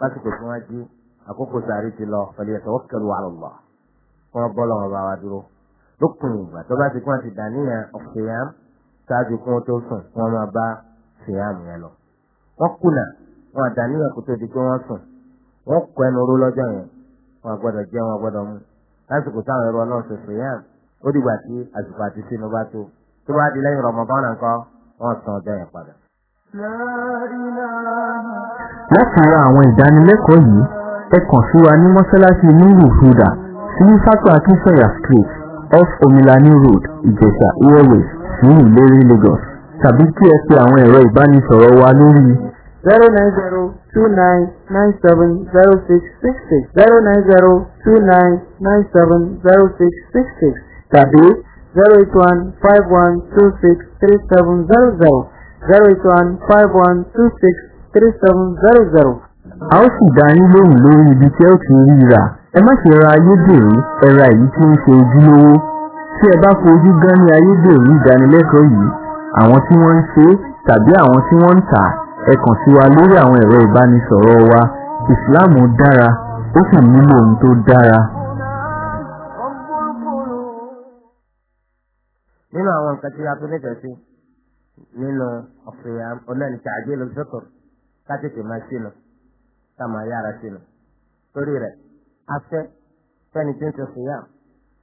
lásìkò tí wọ́n jí àkókò sàárì ti lọ pẹ̀lú ẹ̀sẹ̀ wọ́n kẹlu àlọ́ lọ wọ́n wọ́n kùnà wọn àdàníyàn kò tó di pé wọ́n sùn wọ́n kọ ẹnu ró lọ́jọ́ yẹn wọn àgbọ́dọ̀ jẹ wọn àgbọ́dọ̀ mu lásìkò táwọn ẹrọ náà ṣẹṣẹ yẹn ó dìgbà tí àsìkò àti sínú bá tó tó bá di lẹ́yìn Ramadan nǹkan wọ́n san ọjọ́ yẹn padà. láti ra àwọn ìdánilẹ́kọ̀ọ́ yìí ẹ kàn sí wa ní mọ́ṣáláṣí nílùú fúdà sí fápá akínsọ̀yà street off omilani road ìjẹ̀sà airways ní ìlérí Lagos tàbí kí ẹ pe àwọn ẹ̀rọ ìbánisọ̀rọ̀ wa lórí. zero nine zero two nine nine seven zero six six six zero nine zero two nine nine seven zero six six six tàbí zero eight one five one two six three seven zero zero zero eight one five one two six three seven zero zero. a ó sì dá yín lóhùn lórí ibi tí ẹ ti rí rà ẹ má ṣe ra ayédèrú ẹ ra èyí tí ń ṣe ojúlówó tí ẹ bá fojú gán ní ayédèrú ìdánilẹ́kọ̀ọ́ yìí àwọn tí wọ́n ń ṣe tàbí àwọn tí wọ́n ń tà ẹ kàn sí wa lórí àwọn ẹ̀rọ ìbánisọ̀rọ̀ wa ìsìláàmù dára ó sì nílò ohun tó dára. nínú àwọn nǹkan tí a tó nífẹ̀ẹ́ sí nínú ọ̀fìyà ọ̀nàní tààjẹ́ ló fẹ́kọ̀ọ́ ká tètè máa sínú ká máa yára sínú torí rẹ̀ afẹ́ fẹ́ni tí ń sọ fìyà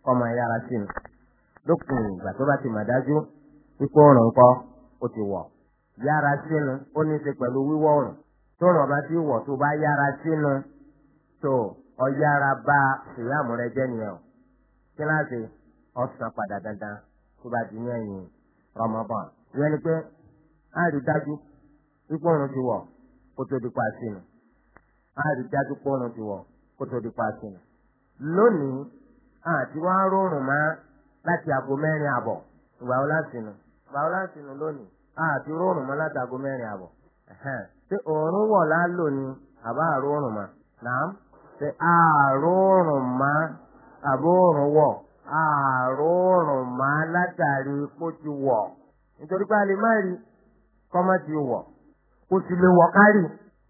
kọ́ máa yára sínú lókun ìgbà tó bá ti mà dájú ipò ọ̀ràn ńkọ́ ó ti wọ̀ yára sínú ó ní í ṣe pẹ̀lú wíwọ̀ ọ̀ràn tó ràn bá wọ̀ tó bá yára sínú tó ọ bá ìyàmú rẹ jẹ́ nìyẹn o kíláàsì ọ̀sán padà dandan tó bá ti ní ẹ̀yìn Ramadan ìyẹn ni pé á rí dájú ipò ọ̀ràn ti wọ̀ kó tó di pa sínú á rí dájú pé ọ̀ràn ti wọ̀ kó tó di pa sínú lónìí àti wàá rọrùn mọ́ láti aago mẹ́rin àbọ̀ ìwà ọlá báwo nù lónìí àti rọrùn mọ́ látago mẹ́rin àbọ̀ ṣé òórùn wọ̀ lálò ni àbá àrórùn mọ́ nàám ṣe àrórùn mọ́ àbórùn wọ̀ àrórùn mọ́ látàrí kó ti wọ̀ nítorí pé a lè má rí kọ́mọ́ ti wọ̀ kó sì lè wọ̀ kárì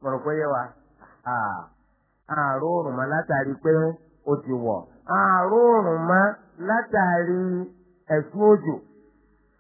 mọ̀rọ̀ pé yẹ wa àrórùn mọ́ látàrí pé ó ti wọ̀ àrórùn mọ́ látàrí ẹ̀sùn òjò.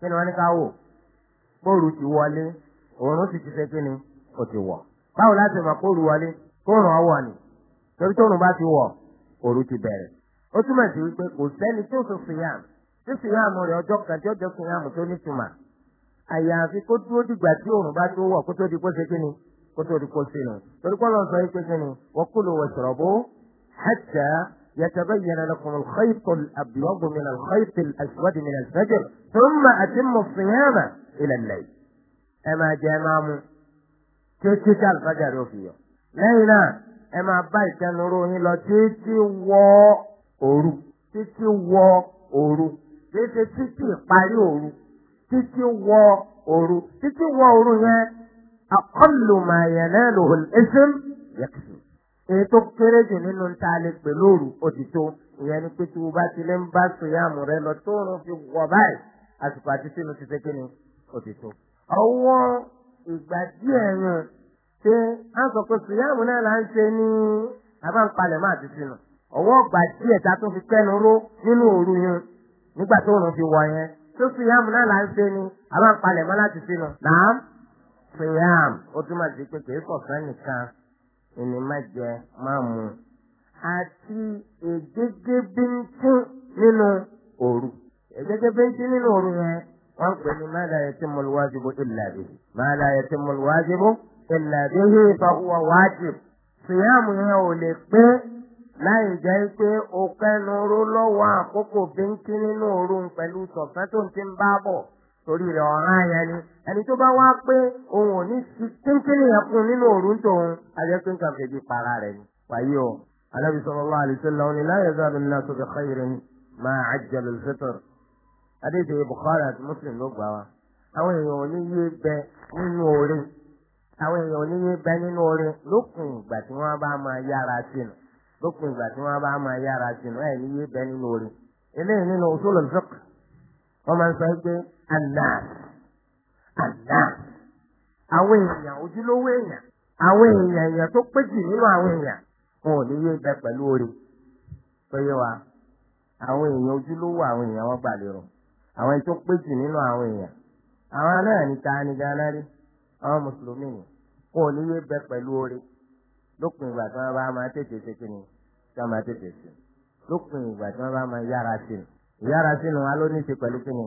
kí ni wọ́n ní ká wò kóòrù ti wọlé òórùn sì ti ṣe kí ni ó ti wọ̀ báwo láti mọ̀ kóòrù wọlé kóòrùn ọwọ́ ni torí tóòrùn bá ti wọ̀ òru ti bẹ̀rẹ̀ ó túmọ̀ sí wípé kò sẹ́ni tó sọ fìyàm tí fìyàmù rẹ̀ ọjọ́ kan tí ó jẹ́ fìyàmù tó nítumọ̀ àyàfi kó dúró dìgbà tí òòrùn bá tó wọ̀ kó tó di kó ṣe kí ni kó tó di kó ṣe nù torí kọ́ lọ́n sọ yìí pé kí ni wa kulu washrabu يتبين لكم الخيط الابيض من الخيط الاسود من الفجر ثم أتم الصيام الى الليل اما جامام تشتى الفجر فيه ليلا اما بيت نروه لا تشتى و اورو تشتى و اورو تشتى títí اورو òru títí اورو òru títí اورو òru أقل ما يناله lòhùn يكفي èyí tó kéré jù nínú ta lè pè lóru ó ti tó ìyẹn ni pé tí o bá ti lè ń bá sòyàmù rẹ lọ tó rún fi wọ̀ báyìí àsìkò àti sínú ti ṣe kíni ó ti tó. ọwọ́ ìgbà díẹ̀ yẹn ṣé a sọ pé sòyàmù náà là ń ṣe ní abáǹpalẹ̀ máa ti sínú ọwọ́ ìgbà díẹ̀ ta tó fi kẹ́nu ró nínú òru yẹn nígbà tó rún fi wọ̀ yẹn tó sòyàmù náà là ń ṣe ní abáǹpalẹ̀ máa láti sínú. nàá sòyàmù ó túmọ̀ ìní má jẹ má mu àti ègégé bíntín nínú òru ègégé bíntín nínú òru yẹn wọ́n pè ní má la yatimmu al-wajibu illa bihi má la yatimmu al-wajibu illa bihi fa huwa wajib síyàmù yẹn ò lè pé láì jẹ́ pé o kẹ́nu ró lọ́wọ́ àkókò bíntín nínú òru pẹ̀lú sọ̀fẹ́ tó ń ti ń bá bọ̀ torí rẹ̀ ọ̀ràn yẹn ni ẹni tó bá wá pé òun ò ní ti kéńkéńé yẹn kún nínú òrùn tòun àjẹpé nǹkan fèjì para rẹ̀ ni. wàyí o alábi sallallahu alaihi wasallam ni la yazalu an-nasu bi khairin ma ajjalu al-fitr adéṣe Bukhari àti Muslim ló gbà wá. àwọn èèyàn ò ní yé bẹ nínú orin àwọn èèyàn ò yé lókun ìgbà tí wọ́n bá máa yára sínú lókun ní yé bẹ nínú orin eléyìí nínú usul al-fiqh wọ́n máa ń sọ pé àlà àlà àwọn èèyàn ojúlówó èèyàn àwọn èèyàn èèyàn tó pé jù nínú àwọn èèyàn wọn ò ní yé bẹ pẹ̀lú orí tó yé wa àwọn èèyàn ojúlówó àwọn èèyàn wọn gbà lérò àwọn èèyàn tó pé jù nínú àwọn èèyàn àwọn náà ní ta ni ganan rí àwọn mùsùlùmí ni wọn ò ní yé bẹ pẹ̀lú orí lópin ìgbà tí wọn bá máa tètè ṣe kí ni tí wọn máa tètè ṣe lópin ìgbà tí wọn bá máa yára sí ni ìyára sí ni wọn á ló ṣe pẹ̀lú kí ni.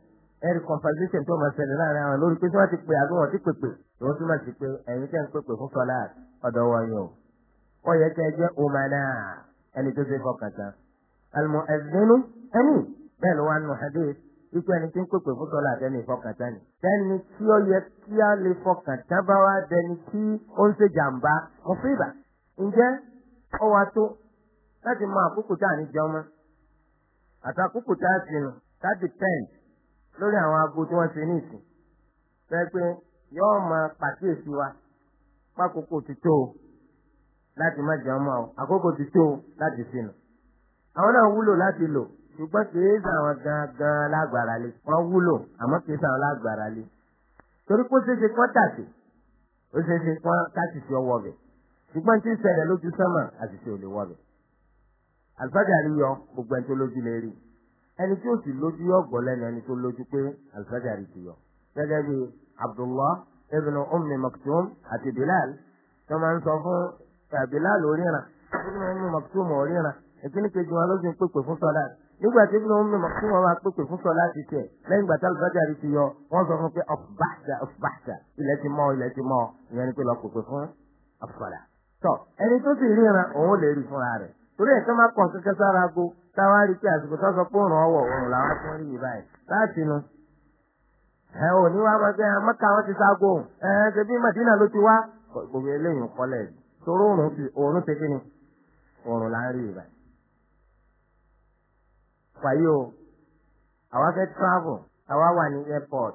ẹ̀rí conversation tó máa ṣẹlẹ̀ láàrin àwọn lórí pé tí wọ́n ti pè àbí wọ́n ti pèpè ìwọ́n túmọ̀ sí pé ẹ̀yin tẹ́ ń pèpè fún sọlá ọ̀dọ̀ wọ̀nyí o. wọ́n yẹ kẹ́ ẹ jẹ́ omana ẹni tó ṣe fọkàn tán. àlùmọ̀ ẹ̀dínú ẹni bẹ́ẹ̀ ló wà nù hadith ikú ẹni tí ń pèpè fún sọlá àtẹni ìfọkàn tán ni. ẹni tí ó yẹ kí á lè fọkàn tán bá wá dẹni tí ó ń ṣe jàǹbá mo fi ìbà. ǹjẹ́ ó wa tó láti mọ àkókò tá à ní depend lórí àwọn aago tí wọ́n ṣe ní ìsìn fẹ́ pé yọ́ọ́ máa pàkíyèsí wa pákókò ti tó o láti má jẹun mọ́ ọ àkókò ti tó o láti sinú. àwọn náà wúlò láti lò ṣùgbọ́n kì í sàn àwọn gangan lágbára lé wọ́n wúlò àmọ́ kì í sàn àwọn lágbára lé torí pé ó ṣeéṣe kán tàṣe ó ṣeéṣe kán káṣìṣe ọwọ́ bẹ̀ ṣùgbọ́n tí ń ṣẹlẹ̀ lójú sánmà àṣìṣe ò lè wọ́ bẹ̀ àlùfáàjà rí yọ gbogbo ẹni tó lójú lè rí i ẹni tí ó sì lójú yọ gbọ́ lẹ́nu ẹni tó lójú pé alifájàrí ti yọ gẹ́gẹ́ bí abdullah ibn ummi maktum àti bilal tó máa ń sọ fún bilal oríran ibn ummi maktum oríran ìkíni kejì wọn ló sì ń pèpè fún sọlá nígbà tí ibn ummi maktum wọn máa pèpè fún sọlá ti tiẹ̀ lẹ́yìn gbàtà alifájàrí ti yọ wọ́n sọ fún pé ọ̀bàṣà ọ̀bàṣà ilẹ̀ ti mọ́ ilẹ̀ ti mọ́ ìyẹn ni pé lọ pèpè fún ọ̀fọ̀lá. tọ ẹni tó sì ríran òun lè táwa rí pé àsìkò tó sọ pé òrùn ọwọ òrùn làwọn tó ń yìí láti nu. ẹ ò ní wá máa wọn ti ságo ẹ ẹ ṣe bí Madina ló ti wá gbogbo eléyìí kọlẹ̀ torí òrùn ti òrùn ti kíni òrùn là ń rí yìí o àwa fẹ́ travel àwa wà ní airport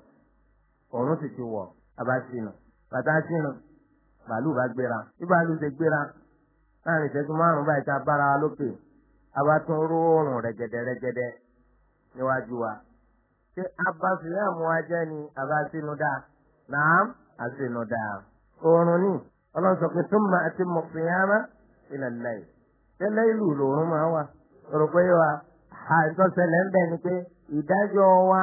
sì ti wọ̀ abasinu bá gbéra bí ṣe gbéra láàrin ìṣẹ́jú márùn-ún báyìí bára wa abatún róòrùn rẹ̀gẹ̀dẹ̀rẹ̀gẹ̀dẹ̀ níwájú wa ṣé abasilamu wa jẹ́ ni abasinudá naam asinudá oorun ni ọlọ́run ma a ti àti mọ̀fìyàmá ilẹ̀ lẹ́yìn tẹ́lẹ̀ ìlú lòórùn máa wà wa àìsọ̀sẹ̀lẹ̀ ń bẹ̀ ni pé ìdájọ́ wa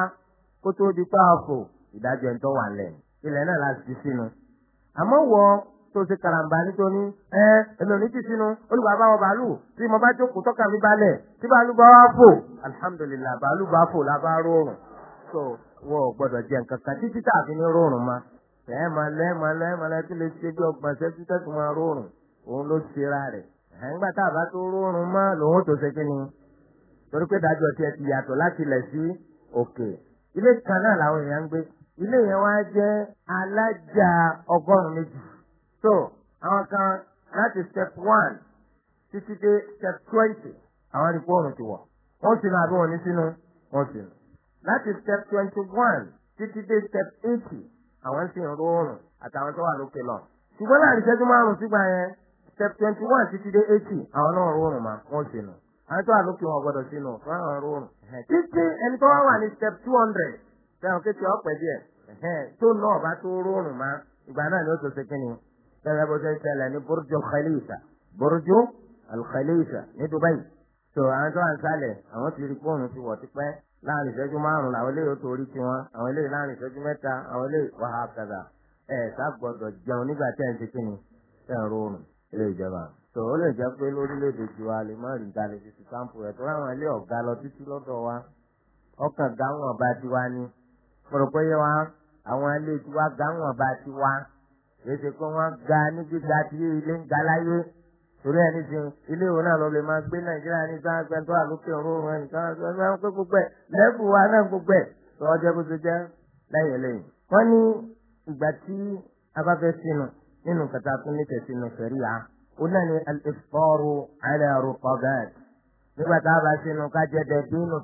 kó di pààfò ìdájọ́ ẹ̀ ń tọ́ wà lẹ̀ ilẹ̀ náà láti sínú àmọ́ wọ tó ṣe karambà nítorí ẹ ẹmí òní ti sínú olùwà bá wọn bàálù tí mo bá jókòó tọ́ka mi balẹ̀ tí bàálù bá wà fò alihamudulilayi bàálù bá fò la bá rọrùn so wọn ò gbọdọ̀ jẹ nǹkan kan títí tá a fi ní rọrùn ma lẹ́ẹ̀ma lẹ́ẹ̀ma lẹ́ẹ̀ma lẹ́ẹ̀ tí lè ṣe bí ọgbọ̀n ṣẹ́jú tẹ́sí máa rọrùn òun ló ṣera rẹ̀ ẹ̀ńgbà tá a bá tó rọrùn mọ́ lòun tó ṣe kí ni torí pé dájọ́ tiẹ̀ ti yàtọ̀ láti lẹ̀ sí òkè ilé kan náà làwọn èèyàn ń gbé ilé yẹn wá jẹ́ alájà ọgọ́rùn-ún méjì so àwọn kan láti step one títí dé step twenty àwọn àdìpọ̀ ọ̀run ti wọ̀ wọ́n sì náà bí wọ́n ní sínú wọ́n sì nù láti step twenty one títí dé step eighty àwọn sì ń ró oòrùn àtàwọn tó wà lókè lọ ṣùgbọ́n láàrin ìṣẹ́jú márùn-ún sígbà yẹn step twenty one títí dé eighty àwọn náà ró oòrùn mà wọ́n sì nù àwọn tó wà lókè wọn gbọ́dọ̀ sínú wọ́n àwọn ró oòrùn. títí ẹni tó wà ní step two hundred fẹ́ràn kékeré ọ̀pẹ díẹ̀ tó náà bá tó ró oòrùn mà ìgbà náà ni ó tó ṣe kí ni gẹ́gẹ́ bó ṣe ń ṣẹlẹ̀ ní burj khalifa burj al-khalifa ní dubai tó àwọn tó ń sálẹ̀ àwọn ti rí fóònù ti wọ̀ tipẹ́ láàrin ìṣẹ́jú márùn-ún làwọn eléyìí ó torí tiwọn àwọn eléyìí láàrin ìṣẹ́jú mẹ́ta àwọn eléyìí wàhálà kàdà ẹ̀ sábọ̀dọ̀ jẹun nígbà tẹ̀ ń ṣe kíni tẹ̀ ń rọrùn ilé ìjọba tó o lè jẹ pé lórílẹ̀-èdè ju alimọ́rì ìdálẹ́ ti ti sáǹpù rẹ̀ tó láwọn ilé ọ̀gá lọ títí lọ́dọ̀ wa ọkàn gáwọn ọba tiwa ni mo yẹ wa àwọn ilé tiwa gáwọn ọba tiwa yéèṣe pé wọ́n ga ní gíga tí ilé ń ga láyé torí ẹni ilé ìwé náà lọ lè máa gbé nàìjíríà ní tó òróòrùn pé gbogbo ẹ̀ lẹ́bù wa náà gbogbo ẹ̀ tó ọjọ́ bó ṣe jẹ́ lẹ́yìn lẹ́yìn. wọ́n ní ìgbà tí a bá fẹ́ sinu nínú kàtà fún níkẹ̀ ó náà ní nígbà tá a bá ká dẹ̀bínú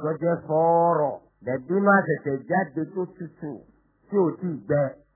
tó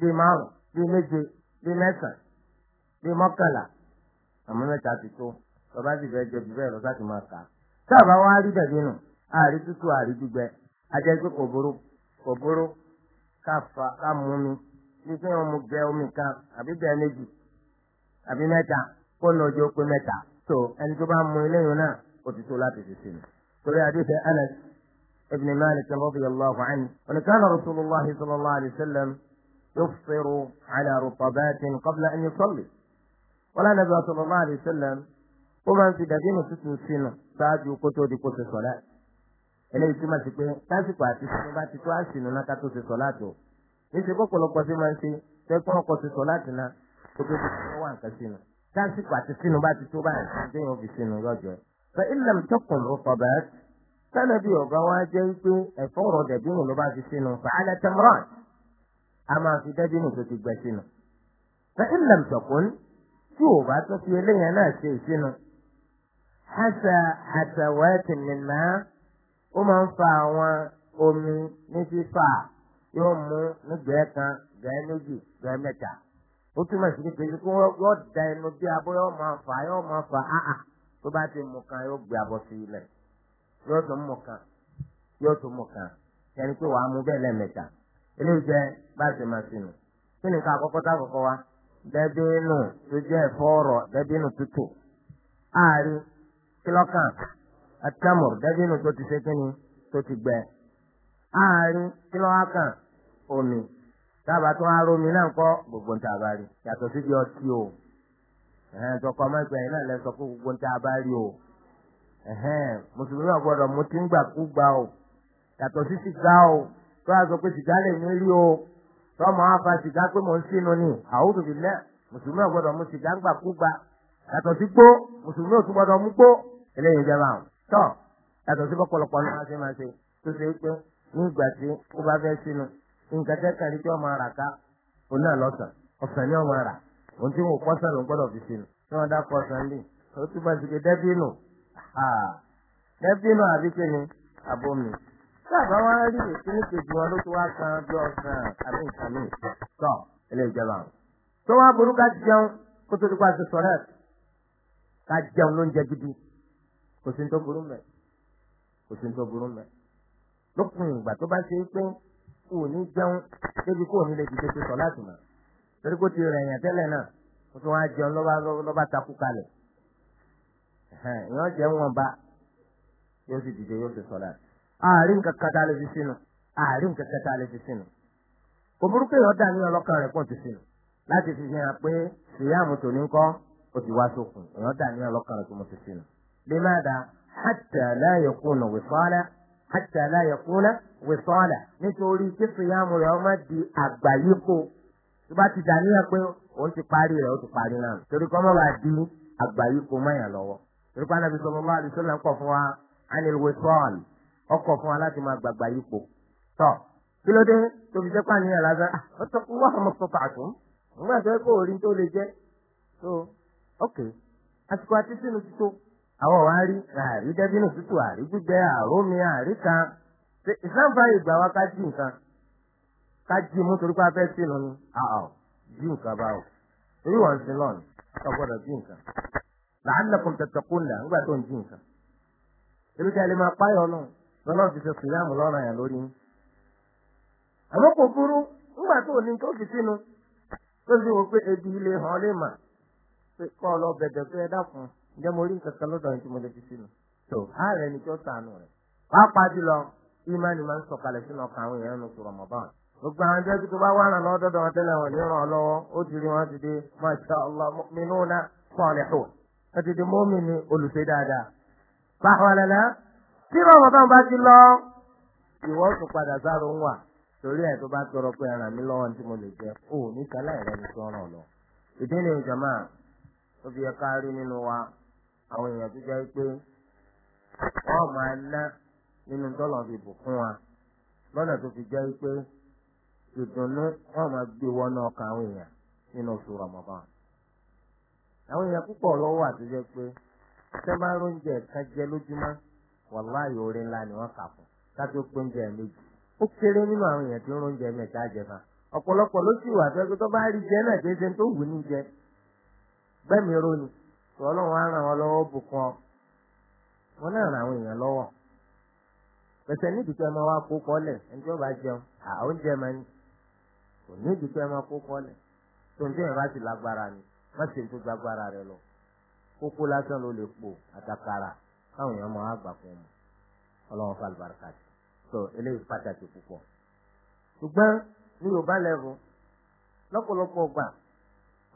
bíi márùn bíi méje bíi mẹ́sàn bíi mọ́kànlá àmọ́ mẹ́ta ti tó sì ti máa kà á. sábà wá rí dàbí nù àárí tútù àárí gbígbẹ pé kò burú kò burú ká mú mi bí omi kan àbí bẹ́ẹ̀ méjì àbí mẹ́ta kó lọ jẹ́ pé mẹ́ta tó ẹni tó bá eléyìí náà ó ti tó láti fi sinmi. torí àdéhùn Anas ibn Malik sallallahu يفطر على رطبات قبل أن يصلي ولا نبي صلى الله عليه وسلم ومن في دابين ستن سنة ساعد يقوتو دي قوت الصلاة eléyìí túmọ̀ sí pé lásìkò àti sinmi bá ti tó àsìnù náà ká tó ṣe sọ láti o níṣẹ́ pọ̀pọ̀lọpọ̀ sí máa ń ṣe tẹ́kọ̀ ọkọ̀ ṣe sọ láti náà kó tó ti wá nǹkan sínú lásìkò àti sinmi bá ti tó báyìí déyìn òbí sínú lọ́jọ́ ẹ̀. sọ ilẹ̀ tọkùn ló fọ bẹ́ẹ̀ sẹ́lẹ̀ bí ọ̀gá wa jẹ́ pé ẹ̀fọ́ rọ̀ dẹ̀bí wọn ló bá fi sínú fàálẹ̀ tẹ̀mọ́rán a máa fi dájú ní tó ti gbẹ sínú. fẹ́ẹ́ lẹ́m tọ̀kún tí ò bá tó fi eléyàn náà ṣe ìsínú. hasa hasawati nìmá ó máa ń fa àwọn omi ní fífà yóò mú nígbẹ́ kan gbẹ́ méjì gbẹ́ mẹ́ta. ó túmọ̀ sí pé kí wọ́n yóò da ẹnu bí abọ́ yóò máa fà yóò máa fà áhà tó bá ti mú kan yóò gbé abọ́ sí ilẹ̀ yóò tún mú kan yóò tún mú kan kẹ́ni pé wàá mú bẹ́ẹ̀ lẹ́ẹ̀mẹ́ta. eléyìí jẹ́ báàsì máa sínú kí ni ká tá wa dẹ́bínú tó jẹ́ ẹ̀fọ́ ọ̀rọ̀ dẹ́bínú tútù ààrí kílọ́kàn àtàmùr dẹ́bínú tó ti ṣe kíni tó ti gbẹ ààrí omi dábàá tó aró náà gbogbo nta bá yàtọ̀ sí bí ọtí o ẹ̀hẹ́n tọkọ ọmọ ìgbà yìí náà lẹ gbogbo nta o mùsùlùmí o yàtọ̀ sí o. tó a sọ pé sìgá lè mí rí o tó ọmọ wa fa sìgá pé mò ń sínú ni àwòrán fi lẹ mùsùlùmí ọgbọ́dọ̀ mú sìgá ńgbàkúgbà yàtọ̀ sí gbó mùsùlùmí ò tún gbọ́dọ̀ mú gbó eléyìí jẹba àwọn tọ yàtọ̀ sí pọ̀pọ̀lọpọ̀ náà ṣe máa ṣe tó ṣe pé ní ìgbà tí ó bá fẹ́ sínú nǹkan tẹ́kàrí tí ọmọ ara ká òun náà lọ́sàn ọ̀sán ni ọmọ ara òun tí wọn kọ́ sàn ló gbọ́dọ̀ fi sínú tí wọ́n dákọ̀ ọ̀sán lè ó túbọ̀ sí pé dẹ́bínù dẹ́bínù àbí Sábà wá rí ìpínlẹ̀ kejì wọn ló tó wá kan bí ọ̀sán àbí nǹkan mi. Tọ́ ilé ìjọba. Tó wá burú ká jẹun kó tó dípa ti sọ̀rọ̀ ẹ̀. Ká jẹun ló ń jẹ gidi. Kò sí ní tó burú mẹ́. Kò sí ní tó burú mẹ́. Lópin ìgbà tó bá ṣe é pé kò ní jẹun débi kò ní lè dìde ti sọ̀ láti mọ̀. Torí kó ti rẹ̀ yàn tẹ́lẹ̀ náà. Kó tó wá jẹun lọ́ba takú kalẹ̀. Ìyọ́n jẹun wọn bá yóò sì dìde yóò ti sọ̀ láti ààrí nǹkan kan tá a lè fi sínú ààrí nǹkan kan tá a lè fi sínú. kò burúkú èèyàn dà ní ọlọ́kàn rẹ̀ pọ̀ ti sínú láti fi hàn pé síyáàmù tò ní kọ́ ó ti wá sókun èèyàn dà ní ọlọ́kàn rẹ̀ pọ̀ mo ti sínú. limaada hatta la yakuna wisala hatta la yakuna wisala nítorí kí síyáàmù rẹ̀ ọmọ di àgbáyépo tó bá ti dà ní ẹ pé òun ti parí rẹ̀ ó ti parí náà torí kọ́ mọ́ bá di àgbáyépo mọ́yàn lọ́wọ́ torí pé anábì sallallahu ọkọ̀ fún wa láti máa gbàgbà yípo tọ́ kí ló dé tó fi jẹ́pà níyàn lásán ah, ó tọ́ wá ọmọ sọ pàtó nígbà tó yẹ kó orí tó lè jẹ́ so ok àsìkò àti sínú ti tó àwọn ọ̀wá rí àrí dẹ́bínú tútù àrí gbígbẹ àrómi àrí kan Islam fàáyé gbà wá ká jí nǹkan ká jí mú torí pé a fẹ́ sínú ni àà jí nǹkan bá o torí wọ́n sin náà ni wọ́n gbọ́dọ̀ jí nǹkan làánà kò tẹ̀tẹ̀ kó nà ńgbà tó ń jí nǹkan. èmi tẹ́lẹ̀ máa páyọ̀ náà lọ́lọ́run ti ṣe sùyàmù lọ́ràn yàn lórí yín. àmọ́ kò burú nígbà tó ní tó fi sínú tó sì wò pé ebi ilé hàn lè mà pé kọ́ ọ lọ bẹ̀bẹ̀ pé ẹ dákun ǹjẹ́ mo rí nǹkan kan lọ́dọ̀ yín tí mo lè fi sínú. tó ààrẹ ni tó sànù rẹ̀ pàápàá jùlọ ìmánì máa ń sọ̀kalẹ̀ sínú ọkàn àwọn èèyàn gbogbo àwọn jẹ́ tí Ramadan bá ti lọ ìwọ sùn padà sáré ń wà torí ẹ̀ tó bá tọrọ pé ara mi lọ́wọ́ tí mo lè jẹ ó ní kálá ìrẹ́ni sọ̀rọ̀ lọ. ìdí ni ìjọba ó fi ẹ̀ka rí nínú wa àwọn èèyàn tó jẹ́ pé wọ́n máa ná nínú tọ́lọ̀ fi bù fún wa lọ́nà tó fi jẹ́ pé ìdùnnú wọ́n máa gbé wọnú ọkàn àwọn èèyàn nínú oṣù Ramadan. àwọn èèyàn púpọ̀ lọ́wọ́ àtijọ́ pé sẹ́ńbà lóúnjẹ kan jẹ lójúmọ́ wàláyé orí ńlá ni wọ́n kà fún káfí ó pé oúnjẹ méjì ó kéré nínú àwọn èèyàn tí ń róúnjẹ mẹ́ta jẹ fa ọ̀pọ̀lọpọ̀ ló sì wà pé tó bá rí jẹ náà tó wù ní jẹ á ràn wọn ọ wọn náà ràn àwọn èèyàn níbi tí ẹ máa wá kó ẹni tí bá jẹun ni ń tó lọ kókó lásán ló táwọn èèyàn máa gbà fún ọmọ ọlọ́run fún àlùbáríkà sí so eléyìí pàtàkì púpọ̀ ṣùgbọ́n ní yorùbá lẹ́rù lọ́pọ̀lọpọ̀ gbà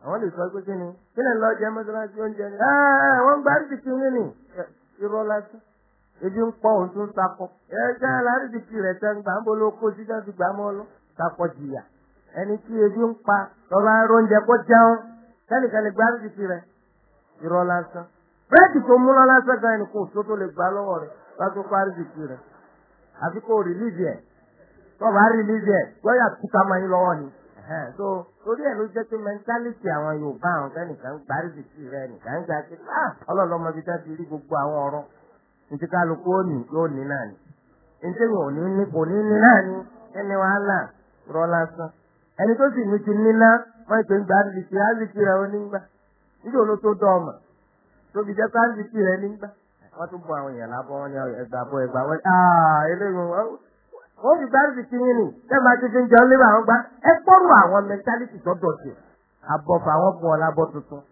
àwọn lè sọ pé kí ni kí ni lọ jẹ mọ́sálásí oúnjẹ ni ẹ wọ́n gba àrídìkì yín ni irọ́ lásán ebi ń pọ̀ òun tó ń sakọ ẹ jẹ́ àrídìkì rẹ̀ tẹ́ ń gbà ń bọ́ ló kó síjọ́ ti gbà mọ́ lọ sakọ jìyà ẹni tí ebi ń pa lọ́ba oúnjẹ kó jẹun kẹ́nìkan lè gba rẹ̀ irọ́ lásán rẹ́ẹ̀tì tó mú lọ́lá sẹ́gbẹ́ ẹni kò só tó lè gbà lọ́wọ́ rẹ̀ lọ́tọ́ kó àrídìkì rẹ̀ àfi kò rìlíìsì ẹ̀ tó bá rìlíìsì ẹ̀ lọ́yà kúta máa ń lọ́wọ́ ni. so torí ló jẹ́ pé àwọn Yorùbá àwọn ah, gbogbo àwọn ọ̀rọ̀ kálukú yóò ní náà ni wọn ní kò ní ní náà ni ẹni rọ lásán ẹni tó sì tóbi jẹ́ sáńdì sí rẹ nígbà wọ́n tún bọ àwọn èèyàn lábọ́ wọn ní ẹgbà bọ ẹgbà wọn eléyìí wọ́n fi sáńdì sí yín nì tẹ́lẹ̀ máa ti fi ń jẹun lébà wọn gbá ẹ kọ́rù àwọn mẹtálítì sọ́dọ̀ sí abọ́fà wọn bọ̀ ọ́ lábọ́ tuntun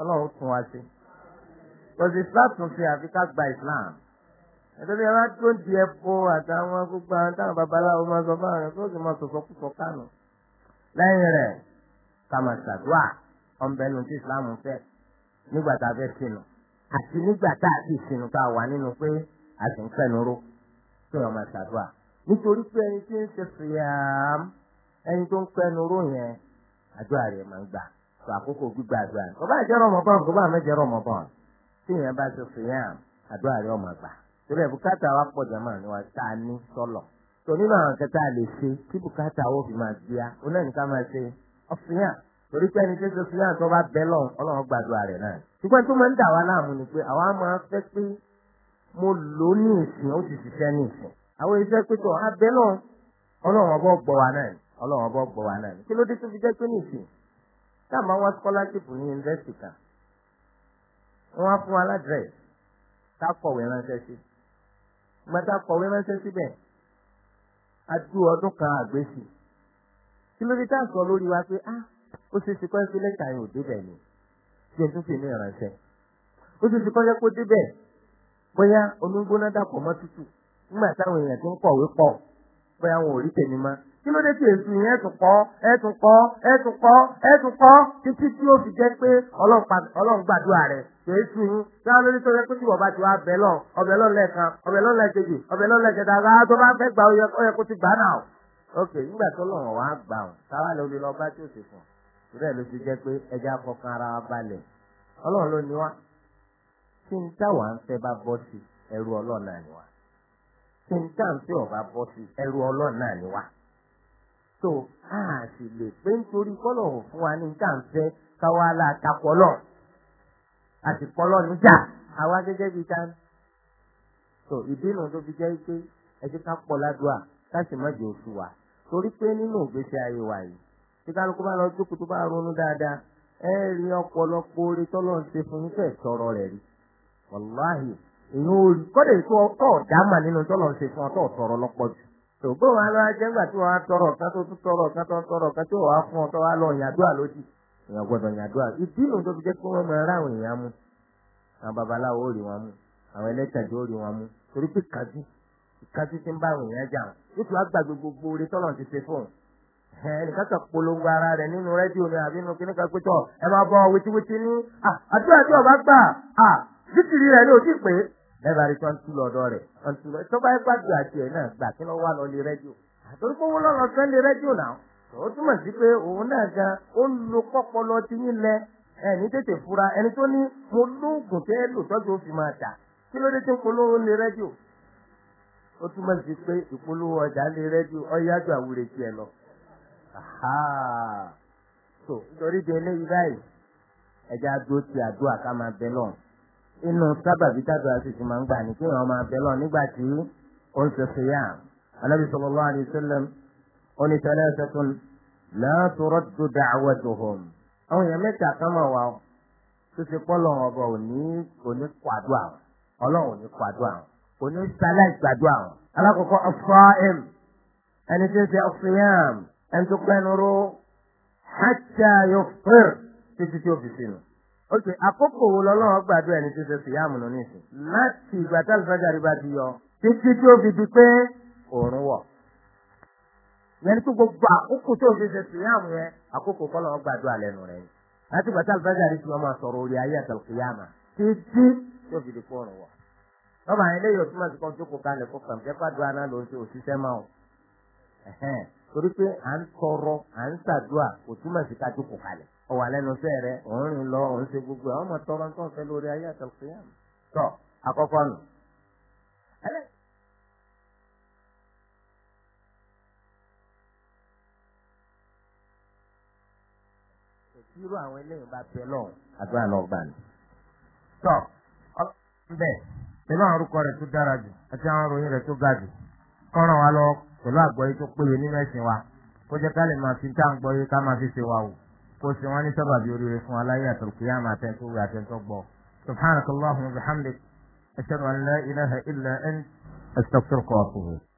ọlọ́run tún wá sí lọ́sí islam tún fi àfi ká gba islam ẹ̀dọ́bí ẹ̀rọ tó ń di ẹ̀fọ́ àtàwọn gbogbo àwọn táwọn babaláwo máa sọ fáwọn ẹ̀fọ́ sì máa sọ̀sọ̀ kúsọ̀ kánú lẹ́yìn rẹ̀ kàmàṣàdúà ọ̀nbẹ́nu tí islam fẹ́ nígbà tá a fẹ́ sínú àti nígbà tá a ti sínú tá a wà nínú pé a sì ń fẹ́nu ró kí wọ́n máa ṣàdúrà nítorí pé ẹni tí ń ṣe fìyàm ẹni tó ń fẹ́nu ró yẹn àdúrà rẹ̀ máa ń gbà sọ àkókò gbígbà àdúrà rẹ̀ bàbá àjẹrọ ọmọbọ̀n bàbá àmẹjẹrọ ọmọbọ̀n tí ìyẹn bá ṣe fìyàm àdúrà rẹ̀ ọmọ àgbà torí ẹ̀ bùkátà wa pọ̀ jẹ́ màá níwájú tá a ní sọ́lọ̀ tò nínú àwọn kẹta lè ṣe tí bùkátà ó fi máa bíá onáìníkà máa ṣe ọ̀fìyàn torí pé ẹni tó ṣe sílẹ̀ àti ọba bẹ́ẹ̀ lọ ọlọ́run gbàdúrà rẹ̀ náà. ṣùgbọ́n tó máa ń dà wá láàmú ni pé àwa máa fẹ́ pé mo lò ó ní ìsìn ó sì ṣiṣẹ́ ní ìsìn. àwọn iṣẹ́ pé tó abẹ́ náà ọlọ́run ọbọ̀ gbọ́ wa náà ọlọ́run ọbọ̀ gbọ́ wa náà. kí ló dé tó fi jẹ́ pé ní ìsìn táàmù àwọn scholarship ní yunifásitì kan wọ́n á fún wa ládìrẹ́s tá a kọ̀wé ránṣẹ́ sí. ìgbà tá a kọ̀wé ránṣẹ́ síbẹ̀ a dú ọdún kan àgbésì. kí ló dé tá a sọ lórí wa pé ah ó ṣe é ṣe kọ́jẹ́ pé lẹ́tà yẹn ò débẹ̀ ni jẹ́ tó fi ní ìránṣẹ́ ó ṣe é ṣe kọ́jẹ́ pé débẹ̀ bóyá onígbóná dàpọ̀ mọ́ tútù nígbà táwọn èèyàn ti ń kọ̀wé pọ̀ bóyá wọn ò rí tèmi mọ́ kí ló dé tí èsù yẹn ẹ̀tún kọ́ ẹ̀tún kọ́ ẹ̀tún kọ́ ẹ̀tún kọ́ títí tí ó fi jẹ́ pé rẹ̀ kò yín lórí pé bá ti wá lọ ọbẹ̀ lọ́lẹ̀ kan ọbẹ̀ lọ́lẹ̀ rẹ̀ ti jẹ́ pé ẹja kọkàn ara balẹ̀ ọlọ́run ló ní wá tí ń táwa ń fẹ́ bá bọ́ sí ẹrú ọlọ́run náà ni wá tí ń tà ń fẹ́ ọ̀bá bọ́ sí ẹrú ọlọ́run náà ni wá tó a sì lè pé nítorí kọ́lọ̀ ò fún wa ní tà ń fẹ́ káwa la lọ àti kọ́lọ́ níjà àwa gẹ́gẹ́ bíi tán tó ìbínú tó fi jẹ́ pé ẹ ká torí pé nínú ayé wa yìí tí bá lọ jókòó tó bá ronú dáadáa ẹ rí ọ̀pọ̀lọpọ̀ orí tọ́lọ̀ ń ṣe fún yín fẹ́ sọ̀rọ̀ rẹ̀ rí wàláhì èyí ò rí kọ́dà ètò ọtọ ọ̀dáàmà nínú tọ́lọ̀ ń ṣe fún lọ́pọ̀ tọrọ tó tọrọ fún wa lọ lójì èèyàn tó fi jẹ́ wọ́n máa ráwọn èèyàn mú àwọn babaláwo ó rí wọn mú àwọn ó ẹnìkan kan polongo ara rẹ̀ nínú rẹ́díò ni àbí inú kíníkan pé redio ẹ máa bọ wítíwítí ní àdúrà tí ọba gbà á títìrì rẹ̀ ní òtí pé lẹ́bàá rí tọ́ntú lọ́dọ̀ rẹ̀ tọ́ntú rẹ̀ tọ́ba ẹ gbàdúrà tiẹ̀ náà gbà kí lọ́ wà lọ lé rẹ́díò àtòrí pé wọ́n lọ́lọ́ sẹ́ lé rẹ́díò náà ó túmọ̀ sí pé lo ti yín lẹ ẹni tètè fura ẹni tó ní mo lóògùn lò so nítorí de eléyìí báyìí ẹja dúró ti àdúrà ká máa bẹ lọ inú sábàbí tàdúrà sì ti máa ń gbà ní kí wọn máa bẹ lọ nígbà tí ó ń ṣẹṣẹ yá anábì sallallahu alaihi wasallam ó ní thalathatun la turaddu da'watuhum àwọn èèyàn mẹ́ta kan máa wà ó tó ti pọ́ lọ́wọ́ ọba òní òní kwàdó àwọn ọlọ́run òní kwàdó àwọn òní sáláì gbàdó àwọn alákọ̀ọ́kọ́ afọ́ ẹ̀m ẹni tí ń ṣe ọ̀fìyàm untuk lenuru hatta yufir títí tí ó fi sínú. ok akoko wo lọ́lọ́wọ́ gbàdúrà ẹni tó ṣe síyàmù nù nísìn láti ìgbà tá àlùfáàjàrí bá ti yọ títí tí ó fi di pé òòrùn wọ̀. yẹn ní gbogbo àkókò tó fi ṣe síyàmù yẹn àkókò láti ìgbà ti máa sọ̀rọ̀ orí ayé fi di pé torí pé à ń tọrọ à ń ṣàdúà kò túmọ̀ sí ká jókòó kalẹ̀ ọ̀wà lẹ́nu sẹ́ rẹ òun rìn lọ òun ṣe gbogbo àwọn ọmọ tọrọ ń tọ́ fẹ́ lórí ayé àtàkùn tọ́ àkọ́kọ́ nù. irú àwọn eléyìí bá bẹ lọ́wọ́ àdúrà náà gbà ní. àwọn orúkọ pẹ̀lú àgbọ́yé tó péye nínú ẹ̀sìn wa kó jẹ́ ká lè máa fi tá à ń gbọ́yé ká máa fi ṣe wa o kó ṣe wọ́n ní sábàbí oríire fún aláyé àtọ̀kùyàmà àtẹ̀ntó rẹ̀ àtẹ̀ntó gbọ́ subhanakallahumma wa bihamdik ashhadu an la ilaha illa ant astaghfiruka wa atubu